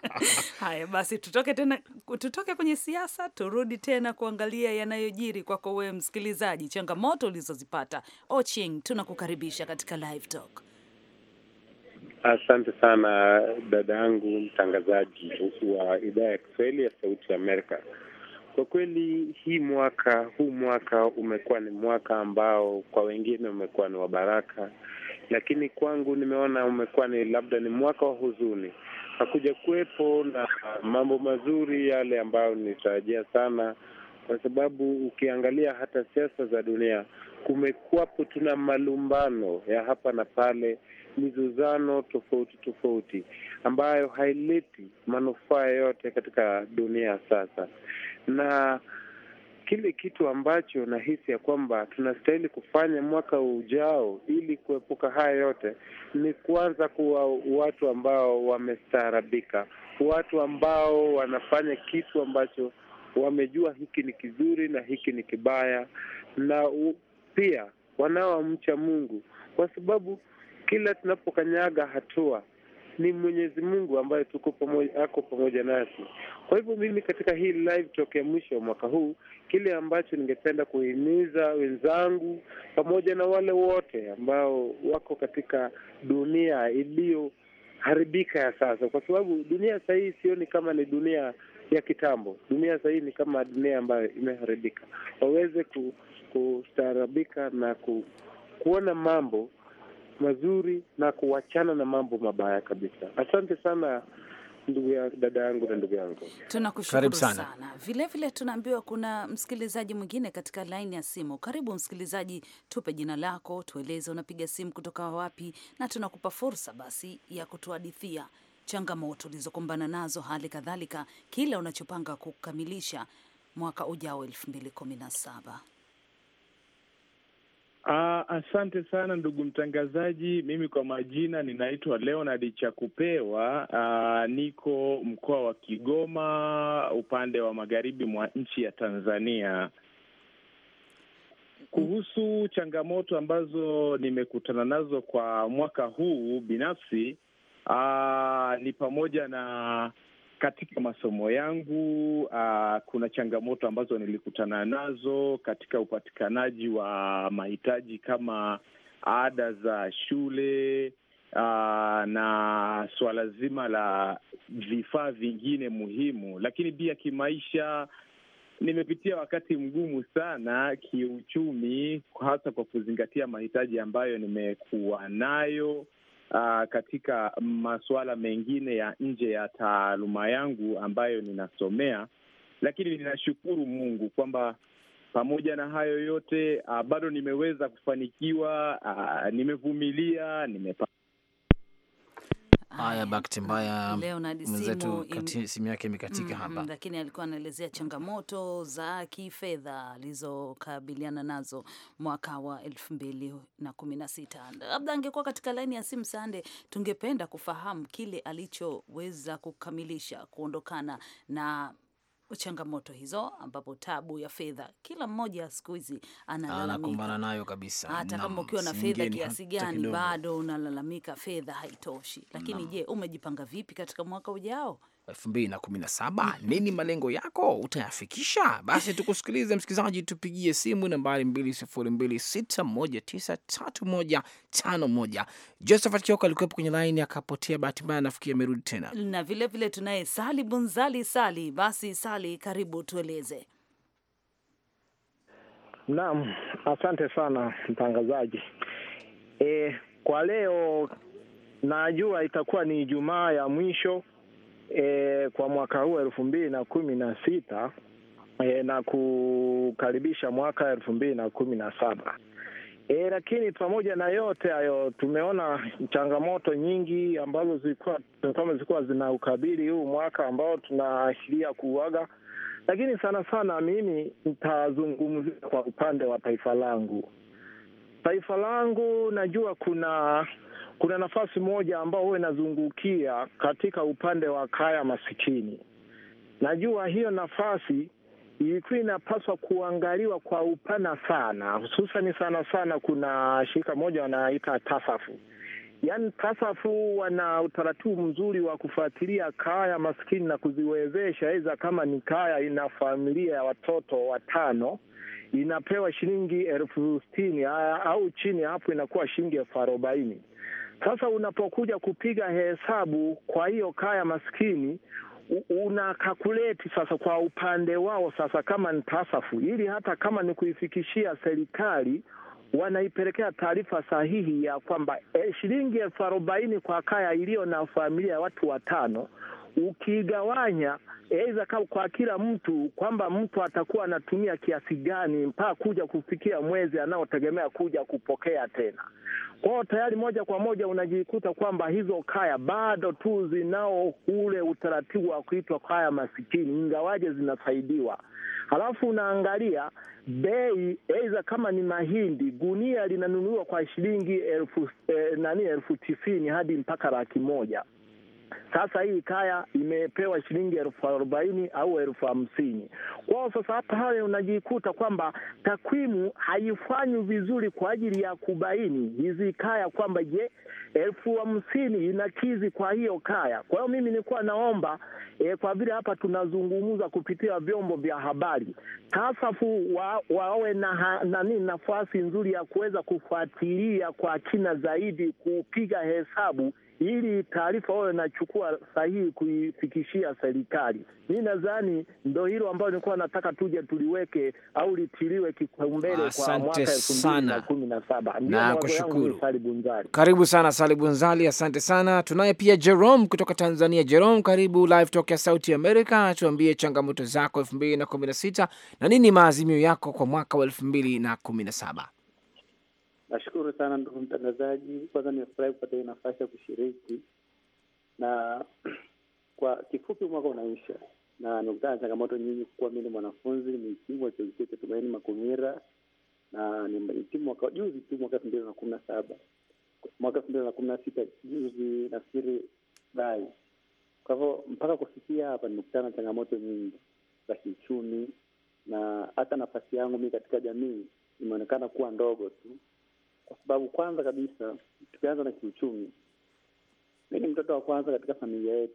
Haya basi, tutoke tena, tutoke kwenye siasa turudi tena kuangalia yanayojiri kwako wewe msikilizaji, changamoto ulizozipata. Oching, tunakukaribisha katika live talk. Asante sana dada yangu mtangazaji wa idhaa ya Kiswahili ya Sauti ya Amerika. Kwa kweli hii mwaka huu mwaka umekuwa ni mwaka ambao kwa wengine umekuwa ni wa baraka, lakini kwangu nimeona umekuwa ni labda ni mwaka wa huzuni. Hakuja kuwepo na mambo mazuri yale ambayo nilitarajia sana, kwa sababu ukiangalia hata siasa za dunia kumekuwapo, tuna malumbano ya hapa na pale, mizuzano tofauti tofauti ambayo haileti manufaa yote katika dunia sasa na kile kitu ambacho nahisi ya kwamba tunastahili kufanya mwaka ujao ili kuepuka haya yote ni kuanza kuwa watu ambao wamestaarabika, watu ambao wanafanya kitu ambacho wamejua hiki ni kizuri na hiki ni kibaya, na pia wanaomcha Mungu, kwa sababu kila tunapokanyaga hatua ni Mwenyezi Mungu ambaye tuko pamoja, ako pamoja nasi. Kwa hivyo mimi katika hii live tokea mwisho wa mwaka huu, kile ambacho ningependa kuhimiza wenzangu pamoja na wale wote ambao wako katika dunia iliyoharibika ya sasa, kwa sababu dunia sasa hii sioni kama ni dunia ya kitambo. Dunia sasa hii ni kama dunia ambayo imeharibika, waweze kustarabika kustaarabika na ku, kuona mambo mazuri na kuachana na mambo mabaya kabisa. Asante sana ndugu ya dada yangu na ndugu yangu, tunakushukuru sana. Vilevile tunaambiwa kuna msikilizaji mwingine katika laini ya simu. Karibu msikilizaji, tupe jina lako, tueleze unapiga simu kutoka wapi, na tunakupa fursa basi ya kutuhadithia changamoto ulizokumbana nazo, hali kadhalika kile unachopanga kukamilisha mwaka ujao elfu mbili kumi na saba. Uh, asante sana ndugu mtangazaji. Mimi kwa majina ninaitwa Leonard Chakupewa. Uh, niko mkoa wa Kigoma upande wa magharibi mwa nchi ya Tanzania. Kuhusu changamoto ambazo nimekutana nazo kwa mwaka huu binafsi, uh, ni pamoja na katika masomo yangu uh, kuna changamoto ambazo nilikutana nazo katika upatikanaji wa mahitaji kama ada za shule uh, na suala zima la vifaa vingine muhimu, lakini pia kimaisha nimepitia wakati mgumu sana kiuchumi, hasa kwa kuzingatia mahitaji ambayo nimekuwa nayo uh, katika masuala mengine ya nje ya taaluma yangu ambayo ninasomea, lakini ninashukuru Mungu kwamba pamoja na hayo yote uh, bado nimeweza kufanikiwa. Uh, nimevumilia, nimepata Haya, bahati mbaya mwenzetu simu yake imekatika hapa, lakini alikuwa anaelezea changamoto za kifedha alizokabiliana nazo mwaka wa elfu mbili na kumi na sita. Labda angekuwa katika laini ya simu Sande, tungependa kufahamu kile alichoweza kukamilisha kuondokana na changamoto hizo, ambapo tabu ya fedha kila mmoja siku hizi analalamika nayo kabisa. Hata kama ukiwa na fedha kiasi gani, bado unalalamika fedha haitoshi. Lakini je, umejipanga vipi katika mwaka ujao? elfu mbili na kumi na saba. Mm-hmm. Nini malengo yako, utayafikisha? Basi tukusikilize msikilizaji, tupigie simu nambari mbili sifuri mbili sita moja tisa tatu moja tano moja. Josephat Kioko alikuwepo kwenye laini akapotea, bahati mbaya nafikiri amerudi tena, na vilevile tunaye Sali Bunzali Sali. Basi Sali, karibu tueleze. Naam, asante sana mtangazaji. E, kwa leo najua itakuwa ni Ijumaa ya mwisho e, kwa mwaka huu elfu mbili na kumi na sita e, na kukaribisha mwaka elfu mbili na kumi na saba. E, lakini pamoja na yote hayo tumeona changamoto nyingi ambazo zilikuwa kama zilikuwa zinaukabili huu mwaka ambao tunaashiria kuuaga, lakini sana sana mimi nitazungumzia kwa upande wa taifa langu. Taifa langu najua kuna kuna nafasi moja ambao huwa inazungukia katika upande wa kaya masikini. Najua hiyo nafasi ilikuwa inapaswa kuangaliwa kwa upana sana, hususani sana sana kuna shirika moja wanaita Tasafu. Yaani Tasafu wana utaratibu mzuri wa kufuatilia kaya maskini na kuziwezesha, iza kama ni kaya ina familia ya watoto watano inapewa shilingi elfu sitini au chini ya hapo inakuwa shilingi elfu arobaini sasa unapokuja kupiga hesabu kwa hiyo kaya maskini una kakuleti sasa kwa upande wao, sasa kama ni tasafu, ili hata kama ni kuifikishia serikali, wanaipelekea taarifa sahihi ya kwamba e, shilingi elfu arobaini kwa kaya iliyo na familia ya watu watano ukigawanya aweza kwa kila mtu kwamba mtu atakuwa anatumia kiasi gani mpaka kuja kufikia mwezi anaotegemea kuja kupokea tena. Kwa hiyo tayari moja kwa moja unajikuta kwamba hizo kaya bado tu zinao ule utaratibu wa kuitwa kaya masikini, ingawaje zinasaidiwa. Halafu unaangalia bei, aidha kama ni mahindi gunia linanunuliwa kwa shilingi elfu eh, nani elfu tisini hadi mpaka laki moja sasa hii kaya imepewa shilingi elfu arobaini au elfu hamsini kwao. Sasa hapa hale unajikuta kwamba takwimu haifanywi vizuri kwa ajili ya kubaini hizi kaya kwamba je, elfu hamsini inakizi kwa hiyo kaya. Kwa hiyo mimi nilikuwa naomba e, kwa vile hapa tunazungumza kupitia vyombo vya habari, tasafu wa, wawe na nani nafasi nzuri ya kuweza kufuatilia kwa kina zaidi, kupiga hesabu ili taarifa wao inachukua sahihi kuifikishia serikali. Mi nadhani ndo hilo ambayo nilikuwa nataka tuja tuliweke au litiliwe kipaumbele kwa mwaka elfu mbili na kumi na saba. Na kushukuru karibu sana sali bunzali asante sana. Tunaye pia Jerome kutoka Tanzania. Jerome, karibu Live Talk ya Sauti Amerika, tuambie changamoto zako elfu mbili na kumi na sita na nini maazimio yako kwa mwaka wa elfu mbili na kumi na saba. Nashukuru sana ndugu mtangazaji. Kwanza nimefurahi kupata hii nafasi ya kushiriki, na kwa kifupi, mwaka unaisha na nimekutana na changamoto nyingi. Kuwa mi ni mwanafunzi, nimehitimu wa chuo kikuu cha Tumaini Makumira na nimehitimu mwaka juzi tu, mwaka elfu mbili na kumi na saba mwaka elfu mbili na kumi na sita juzi nafikiri dai. Kwa hivyo mpaka kufikia hapa nimekutana na changamoto nyingi za kiuchumi, na hata nafasi yangu mi katika jamii imeonekana kuwa ndogo tu kwa sababu kwanza kabisa tukianza na kiuchumi, mi ni mtoto wa kwanza katika familia yetu,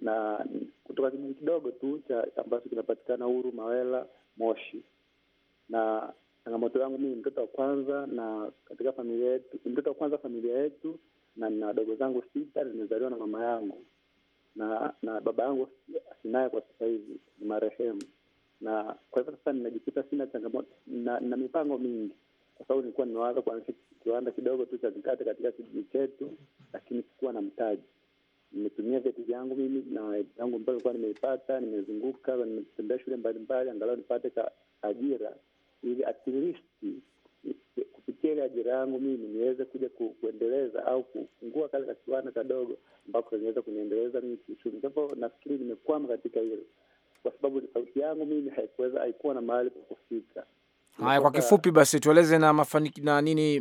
na kutoka kijiji kidogo tu cha ambacho kinapatikana uru Mawela, Moshi, na changamoto yangu mii ni mtoto wa kwanza na katika familia yetu, ni mtoto wa kwanza familia yetu, na nina wadogo zangu sita, nimezaliwa na mama yangu na na baba yangu sinaye kwa sasa hivi, ni marehemu. Na kwa hivyo sasa ninajikuta sina changamoto na, na mipango mingi kwa sababu nilikuwa nimewaza kuanzisha kiwanda kidogo tu cha mikate katika kijiji chetu, lakini sikuwa na mtaji. Nimetumia vyeti vyangu mimi na yangu ambayo ilikuwa nimeipata, nimezunguka, nimetembea shule mbalimbali, angalau nipate ka ajira ili at least kupitia ile ajira yangu mimi niweze kuja ku, kuendeleza au kufungua kale ka kiwanda kadogo ambako inaweza kuniendeleza mimi kiuchumi. Kwa nafikiri nimekwama katika hilo, kwa sababu sauti yangu mimi haikuweza haikuwa na mahali pa kufika. Haya, kwa kifupi basi tueleze na mafaniki, na nini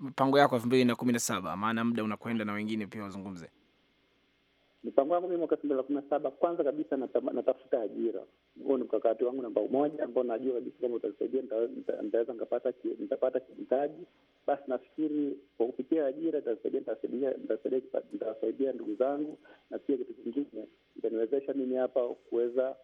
mpango yako elfu mbili na kumi na saba maana muda unakwenda na wengine pia wazungumze. Mipango yangu mimi mwaka elfu mbili na kumi na saba kwanza kabisa nata, natafuta ajira. Huo ni mkakati wangu namba moja ambao najua kabisa kama utanisaidia nitaweza nikapata nitapata mtaji. Basi nafikiri kwa kupitia ajira nitasaidia ndugu zangu, na pia kitu kingine itaniwezesha mimi hapa kuweza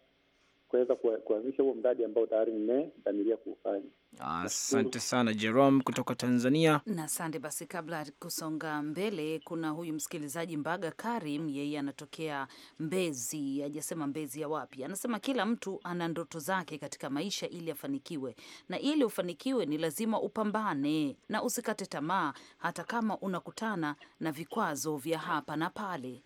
kuweza kuanzisha huo mradi ambao tayari nimedhamiria kuufanya. Asante sana Jerome kutoka Tanzania na asante basi. Kabla ya kusonga mbele, kuna huyu msikilizaji Mbaga Karim, yeye anatokea Mbezi, hajasema Mbezi ya wapi. Anasema kila mtu ana ndoto zake katika maisha ili afanikiwe, na ili ufanikiwe ni lazima upambane na usikate tamaa, hata kama unakutana na vikwazo vya hapa na pale.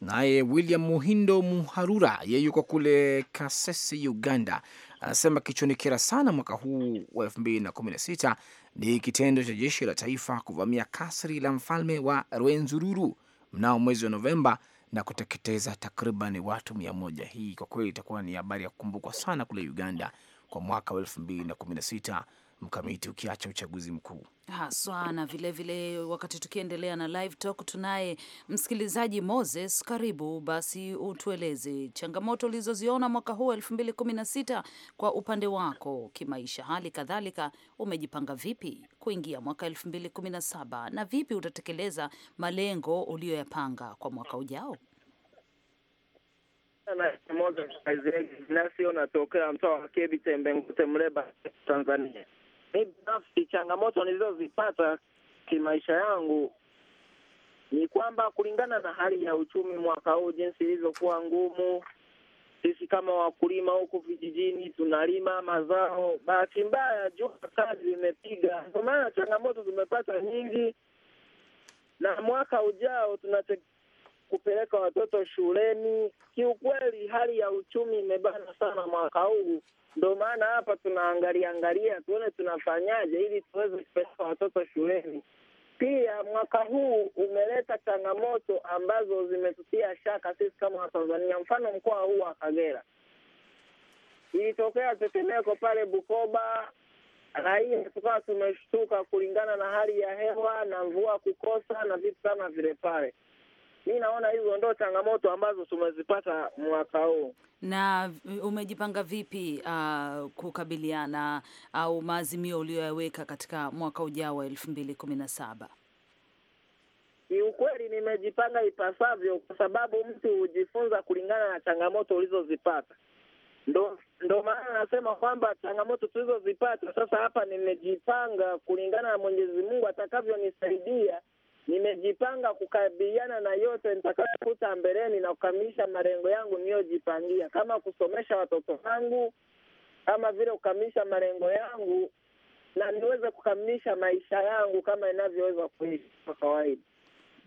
Naye William Muhindo Muharura, yeyuko yuko kule Kasese, Uganda, anasema kichonikera sana mwaka huu wa elfu mbili na kumi na sita ni kitendo cha jeshi la taifa kuvamia kasri la mfalme wa Rwenzururu mnao mwezi wa Novemba na kuteketeza takriban watu mia moja. Hii kwa kweli itakuwa ni habari ya kukumbukwa sana kule Uganda kwa mwaka wa elfu mbili na kumi na sita mkamiti, ukiacha uchaguzi mkuu haswa. Na vilevile, wakati tukiendelea na live talk, tunaye msikilizaji Moses. Karibu basi, utueleze changamoto ulizoziona mwaka huu elfu mbili kumi na sita kwa upande wako kimaisha, hali kadhalika umejipanga vipi kuingia mwaka elfu mbili kumi na saba na vipi utatekeleza malengo uliyoyapanga kwa mwaka ujao? Binafsi unatokea mtaa wa Kebite Mbengute Tanzania mi binafsi changamoto nilizozipata kimaisha yangu ni kwamba kulingana na hali ya uchumi mwaka huu jinsi ilivyokuwa ngumu, sisi kama wakulima huku vijijini tunalima mazao, bahati mbaya jua kazi imepiga ndio maana changamoto zimepata nyingi, na mwaka ujao tunate kupeleka watoto shuleni. Kiukweli hali ya uchumi imebana sana mwaka huu, Ndo maana hapa tunaangalia angalia tuone tunafanyaje ili tuweze kupeleka watoto shuleni. Pia mwaka huu umeleta changamoto ambazo zimetutia shaka sisi kama Watanzania. Mfano, mkoa huu wa Kagera ilitokea tetemeko pale Bukoba, raia tukawa tumeshtuka kulingana na hali ya hewa na mvua kukosa na vitu kama vile pale mi naona hizo ndo changamoto ambazo tumezipata mwaka huu. Na umejipanga vipi uh, kukabiliana au uh, maazimio uliyoyaweka katika mwaka ujao wa elfu mbili kumi na saba? Kiukweli nimejipanga ipasavyo, kwa sababu mtu hujifunza kulingana na changamoto ulizozipata. Ndo, ndo maana nasema kwamba changamoto tulizozipata sasa hapa nimejipanga kulingana na Mwenyezi Mungu atakavyonisaidia nimejipanga kukabiliana na yote nitakayokuta mbeleni na kukamilisha malengo yangu niliyojipangia, kama kusomesha watoto wangu, kama vile kukamilisha malengo yangu na niweze kukamilisha maisha yangu kama inavyoweza kuishi kwa kawaida.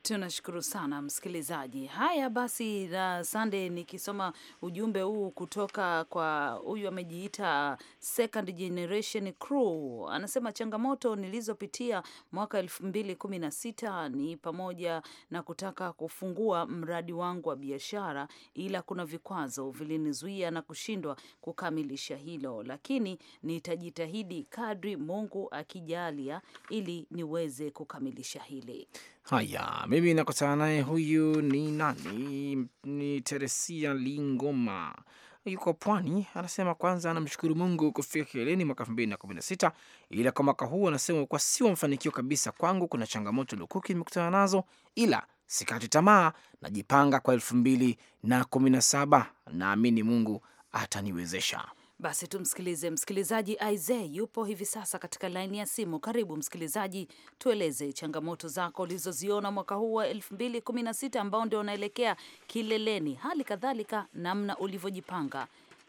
Tunashukuru sana msikilizaji. Haya basi, na Sande, nikisoma ujumbe huu kutoka kwa huyu amejiita second generation crew, anasema changamoto nilizopitia mwaka elfu mbili kumi na sita ni pamoja na kutaka kufungua mradi wangu wa biashara, ila kuna vikwazo vilinizuia na kushindwa kukamilisha hilo, lakini nitajitahidi kadri Mungu akijalia ili niweze kukamilisha hili. Haya, mimi nakutana naye, huyu ni nani? Ni Teresia Lingoma, yuko Pwani. Anasema kwanza anamshukuru Mungu kufika kileleni mwaka elfu mbili na kumi na sita, ila kwa mwaka huu anasema kwa sio mafanikio kabisa kwangu. Kuna changamoto lukuki nimekutana nazo, ila sikati tamaa, najipanga kwa elfu mbili na kumi na saba. Naamini Mungu ataniwezesha. Basi tumsikilize msikilizaji Aizee yupo hivi sasa katika laini ya simu. Karibu msikilizaji, tueleze changamoto zako ulizoziona mwaka huu wa 2016 ambao ndio unaelekea kileleni, hali kadhalika namna ulivyojipanga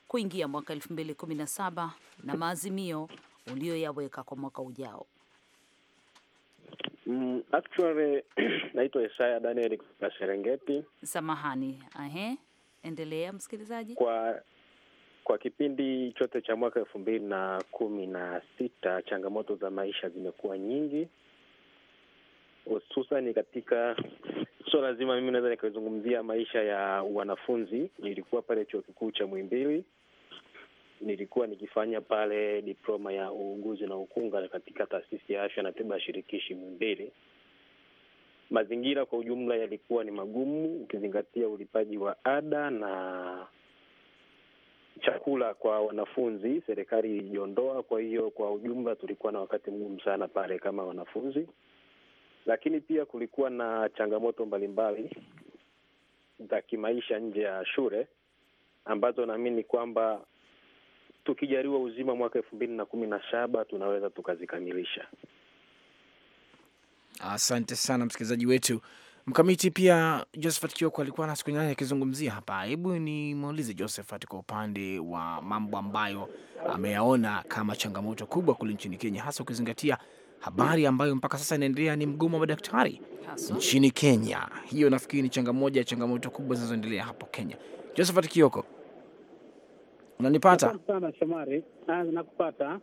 kuingia mwaka 2017 na maazimio uliyoyaweka kwa mwaka ujao. Mm, actually naitwa Isaya Daniel kutoka Serengeti. Samahani, ahe, endelea msikilizaji. Kwa kwa kipindi chote cha mwaka elfu mbili na kumi na sita changamoto za maisha zimekuwa nyingi, hususani katika so lazima mimi naweza nikazungumzia maisha ya wanafunzi. Nilikuwa pale chuo kikuu cha mwimbili nilikuwa nikifanya pale diploma ya uuguzi na ukunga katika taasisi ya afya na tiba ya shirikishi mwimbili Mazingira kwa ujumla yalikuwa ni magumu, ukizingatia ulipaji wa ada na chakula kwa wanafunzi, serikali ilijiondoa. Kwa hiyo kwa ujumla tulikuwa na wakati mgumu sana pale kama wanafunzi, lakini pia kulikuwa na changamoto mbalimbali za kimaisha nje ya shule ambazo naamini kwamba tukijaliwa uzima mwaka elfu mbili na kumi na saba tunaweza tukazikamilisha. Asante sana msikilizaji wetu Mkamiti pia Josephat Kioko alikuwa na siku nyingine akizungumzia hapa. Hebu ni muulize Josephat kwa upande wa mambo ambayo ameyaona kama changamoto kubwa kule nchini Kenya, hasa ukizingatia habari ambayo mpaka sasa inaendelea ni mgomo wa madaktari nchini Kenya. Hiyo nafikiri ni changamoja ya changamoto kubwa zinazoendelea hapo Kenya. Josephat Kioko, unanipata? Ah, nakupata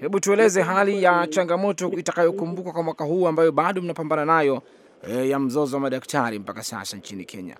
hebu tueleze hali ya changamoto itakayokumbukwa kwa mwaka huu ambayo bado mnapambana nayo e, ya mzozo wa madaktari mpaka sasa nchini Kenya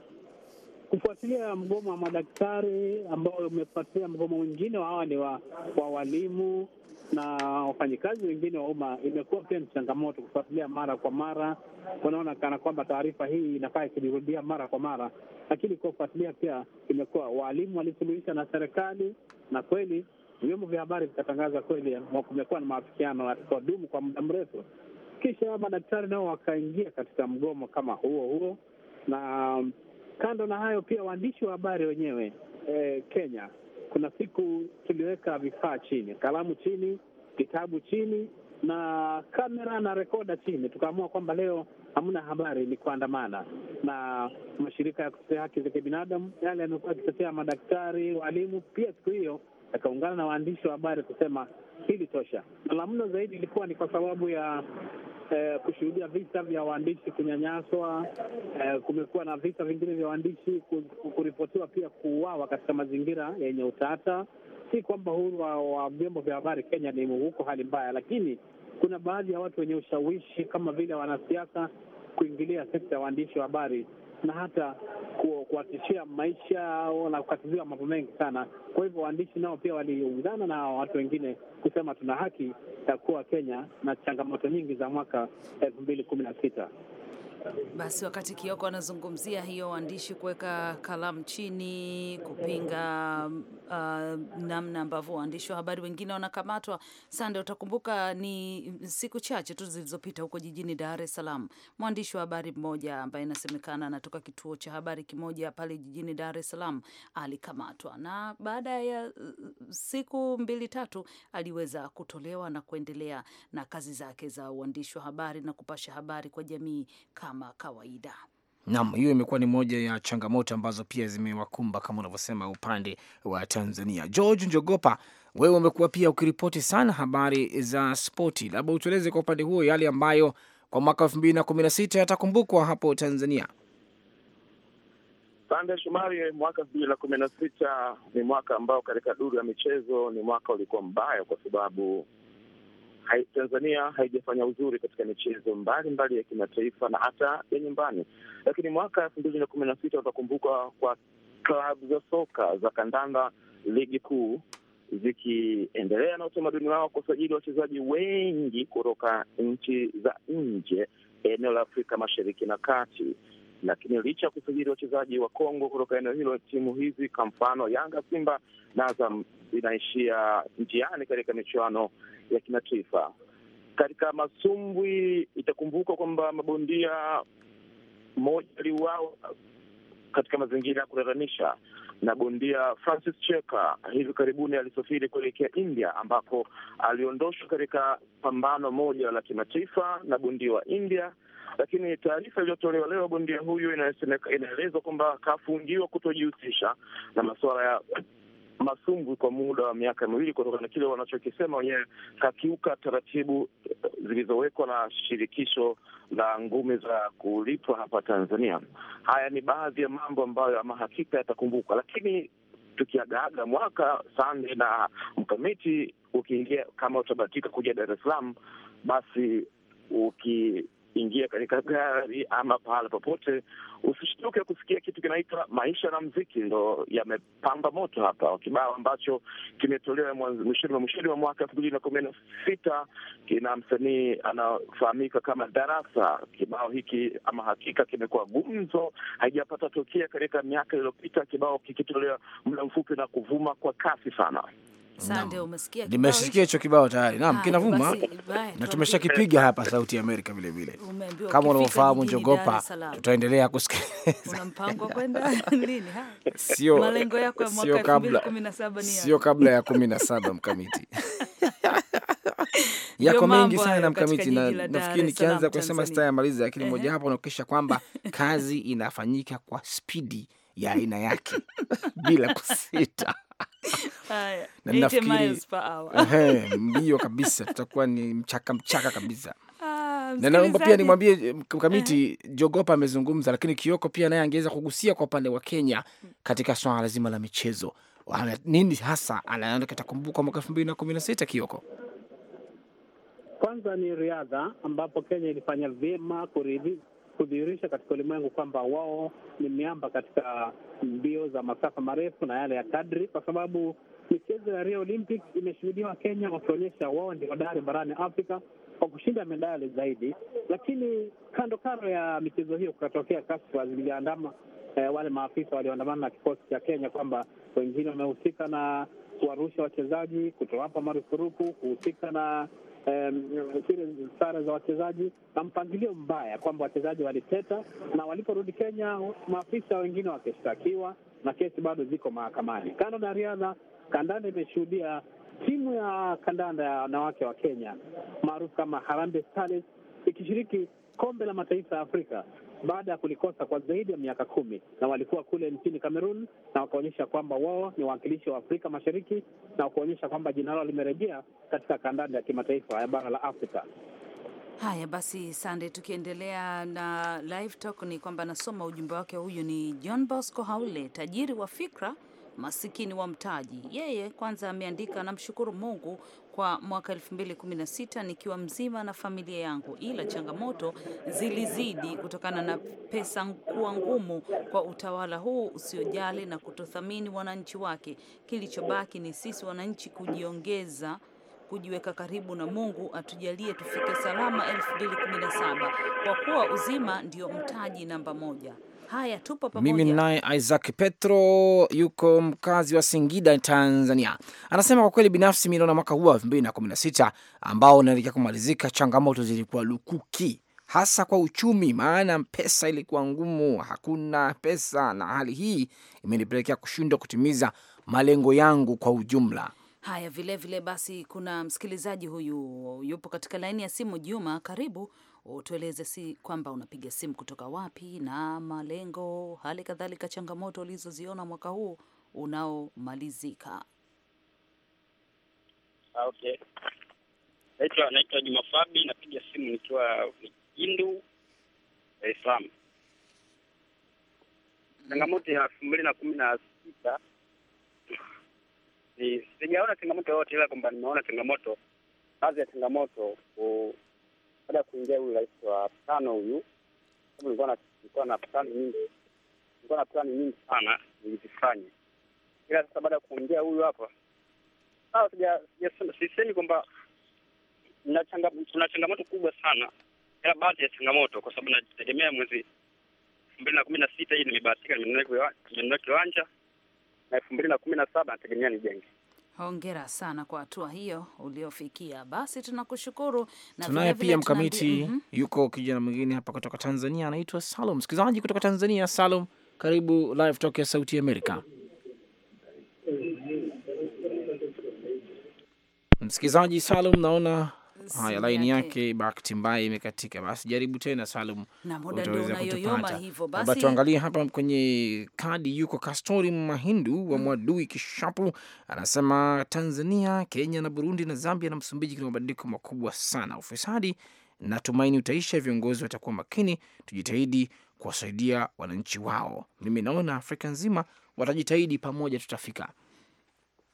kufuatilia mgomo wa madaktari ambao umefuatilia mgomo mwingine wa hawa ni wa, wa walimu na wafanyikazi wengine wa umma, imekuwa pia ni changamoto kufuatilia mara kwa mara. Unaona kana kwamba taarifa hii inakaa ikijirudia mara kwa mara, lakini kwa kufuatilia pia imekuwa, walimu walisuluhisha na serikali, na kweli vyombo vya habari vikatangaza kweli kumekuwa na maafikiano dumu kwa muda mrefu, kisha madaktari nao wakaingia katika mgomo kama huo huo. Na mm, kando na hayo, pia waandishi wa habari wenyewe e, Kenya kuna siku tuliweka vifaa chini, kalamu chini, kitabu chini na kamera na rekoda chini, tukaamua kwamba leo hamna habari, ni kuandamana. Na mashirika ya kutetea haki za kibinadamu yale yamekuwa yakitetea madaktari, walimu, pia siku hiyo akaungana na waandishi wa habari kusema hili tosha. Na la mno zaidi ilikuwa ni kwa sababu ya eh, kushuhudia visa vya waandishi kunyanyaswa. Eh, kumekuwa na visa vingine vya waandishi kuripotiwa pia kuuawa katika mazingira yenye utata. Si kwamba uhuru wa vyombo vya habari Kenya ni huko hali mbaya, lakini kuna baadhi ya watu wenye ushawishi kama vile wanasiasa kuingilia sekta ya waandishi wa habari na hata kuwatishia maisha na kukatiziwa mambo mengi sana. Kwa hivyo waandishi nao pia waliungana na watu wengine kusema tuna haki ya kuwa Kenya na changamoto nyingi za mwaka elfu mbili kumi na sita. Basi wakati Kioko anazungumzia hiyo waandishi kuweka kalamu chini kupinga uh, namna ambavyo waandishi wa habari wengine wanakamatwa. Sande, utakumbuka ni siku chache tu zilizopita huko jijini Dar es Salaam, mwandishi wa habari mmoja ambaye inasemekana anatoka kituo cha habari kimoja pale jijini Dar es Salaam alikamatwa, na baada ya uh, siku mbili tatu aliweza kutolewa na kuendelea na kazi zake za uandishi wa habari na kupasha habari kwa jamii kama kama kawaida. Naam, hiyo imekuwa ni moja ya changamoto ambazo pia zimewakumba kama unavyosema upande wa Tanzania. George Njogopa, wewe umekuwa pia ukiripoti sana habari za spoti, labda utueleze kwa upande huo yale ambayo kwa mwaka elfu mbili na kumi na sita yatakumbukwa hapo Tanzania. Sande Shumari, mwaka elfu mbili na kumi na sita ni mwaka ambao katika duru ya michezo ni mwaka ulikuwa mbaya kwa sababu hai, Tanzania haijafanya uzuri katika michezo mbalimbali ya kimataifa na hata ya nyumbani, lakini mwaka elfu mbili na kumi na sita utakumbuka kwa klabu za soka za kandanda ligi kuu zikiendelea na utamaduni wao kusajili wachezaji wengi kutoka nchi za nje eneo la Afrika Mashariki na Kati lakini licha ya kusajili wachezaji wa Kongo kutoka eneo hilo, timu hizi kwa mfano Yanga, Simba na Azam zinaishia njiani katika michuano ya kimataifa. Katika masumbwi, itakumbuka kwamba mabondia mmoja aliuawa katika mazingira ya kutatanisha na bondia Francis Cheka hivi karibuni alisafiri kuelekea India ambako aliondoshwa katika pambano moja la kimataifa na bondia wa India lakini taarifa iliyotolewa leo bondia huyu inaelezwa kwamba kafungiwa kutojihusisha na masuala ya masumbwi kwa muda wa miaka miwili kutokana na kile wanachokisema wenyewe kakiuka taratibu zilizowekwa na shirikisho la ngumi za kulipwa hapa Tanzania. Haya ni baadhi ya mambo ambayo ama hakika yatakumbuka, lakini tukiagaaga mwaka sande na mkamiti, ukiingia kama utabatika kuja Dar es Salaam, basi uki ingia katika gari ama pahala popote, usishtuke kusikia kitu kinaitwa maisha na mziki, ndo yamepamba moto hapa, kibao ambacho kimetolewa mwishoni mwa mwishoni mwa mwaka elfu mbili na kumi na sita kina msanii anafahamika kama Darasa. Kibao hiki ama hakika kimekuwa gumzo, haijapata tokea katika miaka iliyopita, kibao kikitolewa muda mfupi na kuvuma kwa kasi sana. Nimesikia hicho kibao tayari, naam, ah, kinavuma na tumeshakipiga hapa Sauti ya Amerika vile vile. Kama unavyofahamu, njogopa, tutaendelea kusikiliza. Sio kabla ya kumi na saba mkamiti yako mengi sana mkamiti, na nafikiri nikianza kusema malizi lakini moja hapo unaokisha kwamba kazi inafanyika kwa spidi ya aina yake bila kusita mbio kabisa, tutakuwa ni mchaka mchaka kabisa. Ah, na naomba pia nimwambie eh, eh, Jogopa amezungumza, lakini Kioko pia naye angeweza kugusia kwa upande wa Kenya katika swala zima la michezo, nini hasa anaatakumbuka mwaka elfu mbili na kumi na sita Kioko? Kwanza ni riadha ambapo Kenya ilifanya vyema kuridhi kudhihirisha katika ulimwengu kwamba wao ni miamba katika mbio za masafa marefu na yale ya kadri, kwa sababu michezo ya Rio Olympic imeshuhudiwa Kenya wakionyesha wao ndio hodari barani Afrika kwa kushinda medali zaidi. Lakini kando kando ya michezo hiyo kukatokea kashfa ziliandama eh, wale maafisa walioandamana na kikosi cha Kenya kwamba wengine wamehusika na kuwarusha wachezaji, kutowapa marufuruku, kuhusika na um, sare za wachezaji na mpangilio mbaya kwamba wachezaji waliteta, na waliporudi Kenya maafisa wengine wakishtakiwa na kesi bado ziko mahakamani. Kando na riadha, kandanda imeshuhudia timu ya kandanda ya wanawake wa Kenya maarufu kama Harambee Starlets ikishiriki kombe la mataifa ya Afrika baada ya kulikosa kwa zaidi ya miaka kumi, na walikuwa kule nchini cameron na wakaonyesha kwamba wao ni wawakilishi wa Afrika Mashariki na wakaonyesha kwamba jina lao limerejea katika kandanda ya kimataifa ya bara la Afrika. Haya basi, Sande, tukiendelea na live talk, ni kwamba nasoma ujumbe wake. Huyu ni John Bosco Haule, tajiri wa fikra masikini wa mtaji. Yeye kwanza ameandika, namshukuru Mungu kwa mwaka 2016 nikiwa mzima na familia yangu, ila changamoto zilizidi kutokana na pesa kuwa ngumu kwa utawala huu usiojali na kutothamini wananchi wake. Kilichobaki ni sisi wananchi kujiongeza kujiweka karibu na Mungu atujalie tufike salama 2017 kwa kuwa uzima ndio mtaji namba moja. Haya, tupo pamoja. Mimi ninaye Isaac Petro, yuko mkazi wa Singida, Tanzania, anasema kwa kweli binafsi mi naona mwaka huu wa elfu mbili na kumi na sita ambao unaelekea kumalizika, changamoto zilikuwa lukuki hasa kwa uchumi, maana pesa ilikuwa ngumu, hakuna pesa, na hali hii imenipelekea kushindwa kutimiza malengo yangu kwa ujumla. Haya, vilevile vile basi, kuna msikilizaji huyu yupo katika laini ya simu, Juma. Karibu, utueleze si kwamba unapiga simu kutoka wapi na malengo, hali kadhalika changamoto ulizoziona mwaka huu unaomalizika. Ah, okay, naitwa naitwa Juma Fabi, napiga simu nikiwa Kindu, Dar es Salaam. Changamoto ya elfu mbili na kumi na sita sijaona changamoto yoyote, ila kwamba nimeona changamoto, baadhi ya changamoto baada ya kuingia huyu rais wa tano huyu, sababu nilikuwa na plani nyingi, nilikuwa na plani nyingi sana nilizifanya, ila sasa baada ya kuingia huyu hapa, sisemi kwamba kuna changamoto kubwa sana, ila baadhi ya changamoto, kwa sababu nategemea mwezi elfu mbili na kumi na sita hii nimebahatika nimenunua kiwanja na elfu mbili na kumi na saba nategemea nijenge Hongera sana kwa hatua hiyo uliofikia. Basi tunakushukuru tunaye pia mkamiti mm -hmm. Yuko kijana mwingine hapa kutoka Tanzania anaitwa Salum, msikilizaji kutoka Tanzania. Salum, karibu live talk ya Sauti Amerika. Msikilizaji Salum, naona Haya, laini yake bahati mbaya imekatika. Basi jaribu tena Salum, utaweza kutupata. Basi tuangalie hapa kwenye kadi. Yuko Kastori Mahindu wa Mwadui Kishapu, anasema Tanzania, Kenya na Burundi na Zambia na Msumbiji kuna mabadiliko makubwa sana. Ufisadi natumaini utaisha, viongozi watakuwa makini, tujitahidi kuwasaidia wananchi wao. Mimi naona Afrika nzima watajitahidi pamoja, tutafika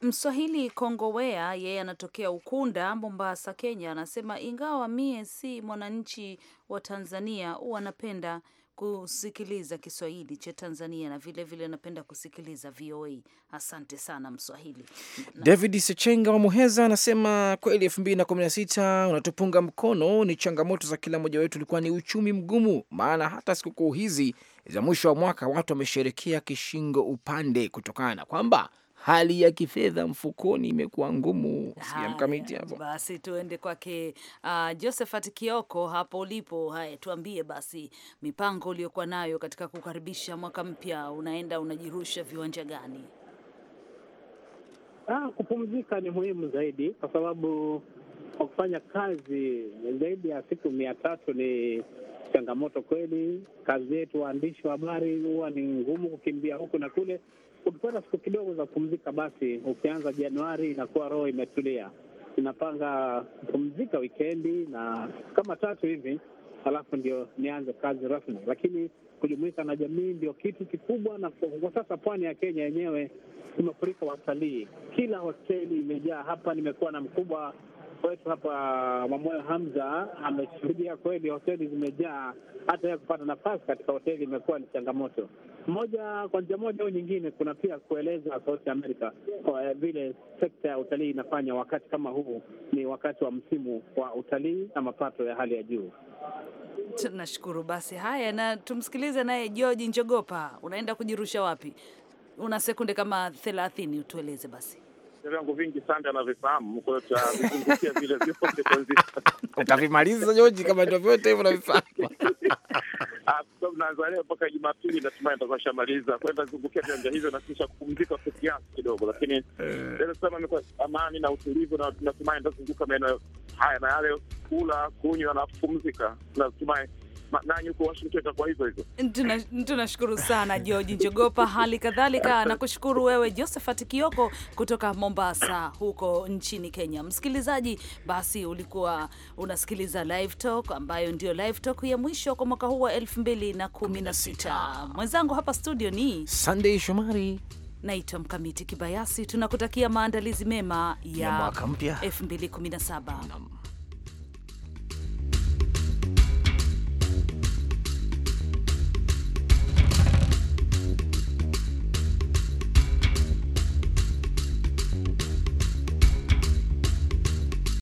Mswahili Kongowea yeye anatokea Ukunda, Mombasa, Kenya, anasema ingawa mie si mwananchi wa Tanzania, huwa anapenda kusikiliza Kiswahili cha Tanzania na vilevile vile kusikiliza VOA. Asante sana Mswahili. David Sechenga wa Muheza anasema kweli, elfu mbili na kumi na sita unatupunga mkono, ni changamoto za kila mmoja wetu, ulikuwa ni uchumi mgumu, maana hata sikukuu hizi za mwisho wa mwaka watu wamesherekea kishingo upande, kutokana na kwamba hali ya kifedha mfukoni imekuwa ngumu. Sikia mkamiti hapo. Basi tuende kwake uh, Josephat Kioko hapo ulipo. Haya, tuambie basi mipango uliyokuwa nayo katika kukaribisha mwaka mpya, unaenda unajirusha viwanja gani? Ah, kupumzika ni muhimu zaidi kwa sababu kwa kufanya kazi zaidi ya siku mia tatu ni changamoto kweli. Kazi yetu waandishi wa habari huwa ni ngumu, kukimbia huku na kule. Ukipata siku kidogo za kupumzika, basi ukianza Januari inakuwa roho imetulia. Inapanga kupumzika wikendi na kama tatu hivi, halafu ndio nianze kazi rasmi, lakini kujumuika na jamii ndio kitu kikubwa. Na kwa sasa pwani ya Kenya yenyewe imefurika watalii, kila hoteli imejaa. Hapa nimekuwa na mkubwa kwetu hapa mamoyo Hamza ameshuhudia kweli, hoteli zimejaa, hata ya kupata nafasi katika hoteli imekuwa ni changamoto moja. Kwa njia moja au nyingine, kuna pia kueleza Sauti ya Amerika vile sekta ya utalii inafanya wakati kama huu, ni wakati wa msimu wa utalii na mapato ya hali ya juu. Tunashukuru basi. Haya, na tumsikilize naye George Njogopa. Unaenda kujirusha wapi? Una sekunde kama thelathini, utueleze basi vyangu vingi sana anavifahamu, kwa hiyo tutazungumzia vile vyote kwanza. Utavimaliza Joji kama ndio vyote hivyo navifahamu. Ah, Naanza leo mpaka Jumapili, natumai nitakuwa shamaliza kwenda zungukia viwanja hivyo na kisha kupumzika kwa kiasi kidogo, lakini Dar eh. es Salaam imekuwa amani na utulivu, na natumai nitazunguka maeneo haya na yale, kula, kunywa na kupumzika, natumai nanyi Washington Tunashukuru sana George Njogopa, hali kadhalika nakushukuru wewe Josephat Kioko kutoka Mombasa huko nchini Kenya. Msikilizaji, basi ulikuwa unasikiliza Live Talk ambayo ndio Live Talk ya mwisho kwa mwaka huu wa 2016. Mwenzangu hapa studio ni Sunday Shomari. Naitwa Mkamiti Kibayasi. Tunakutakia maandalizi mema ya mwaka mpya 2017.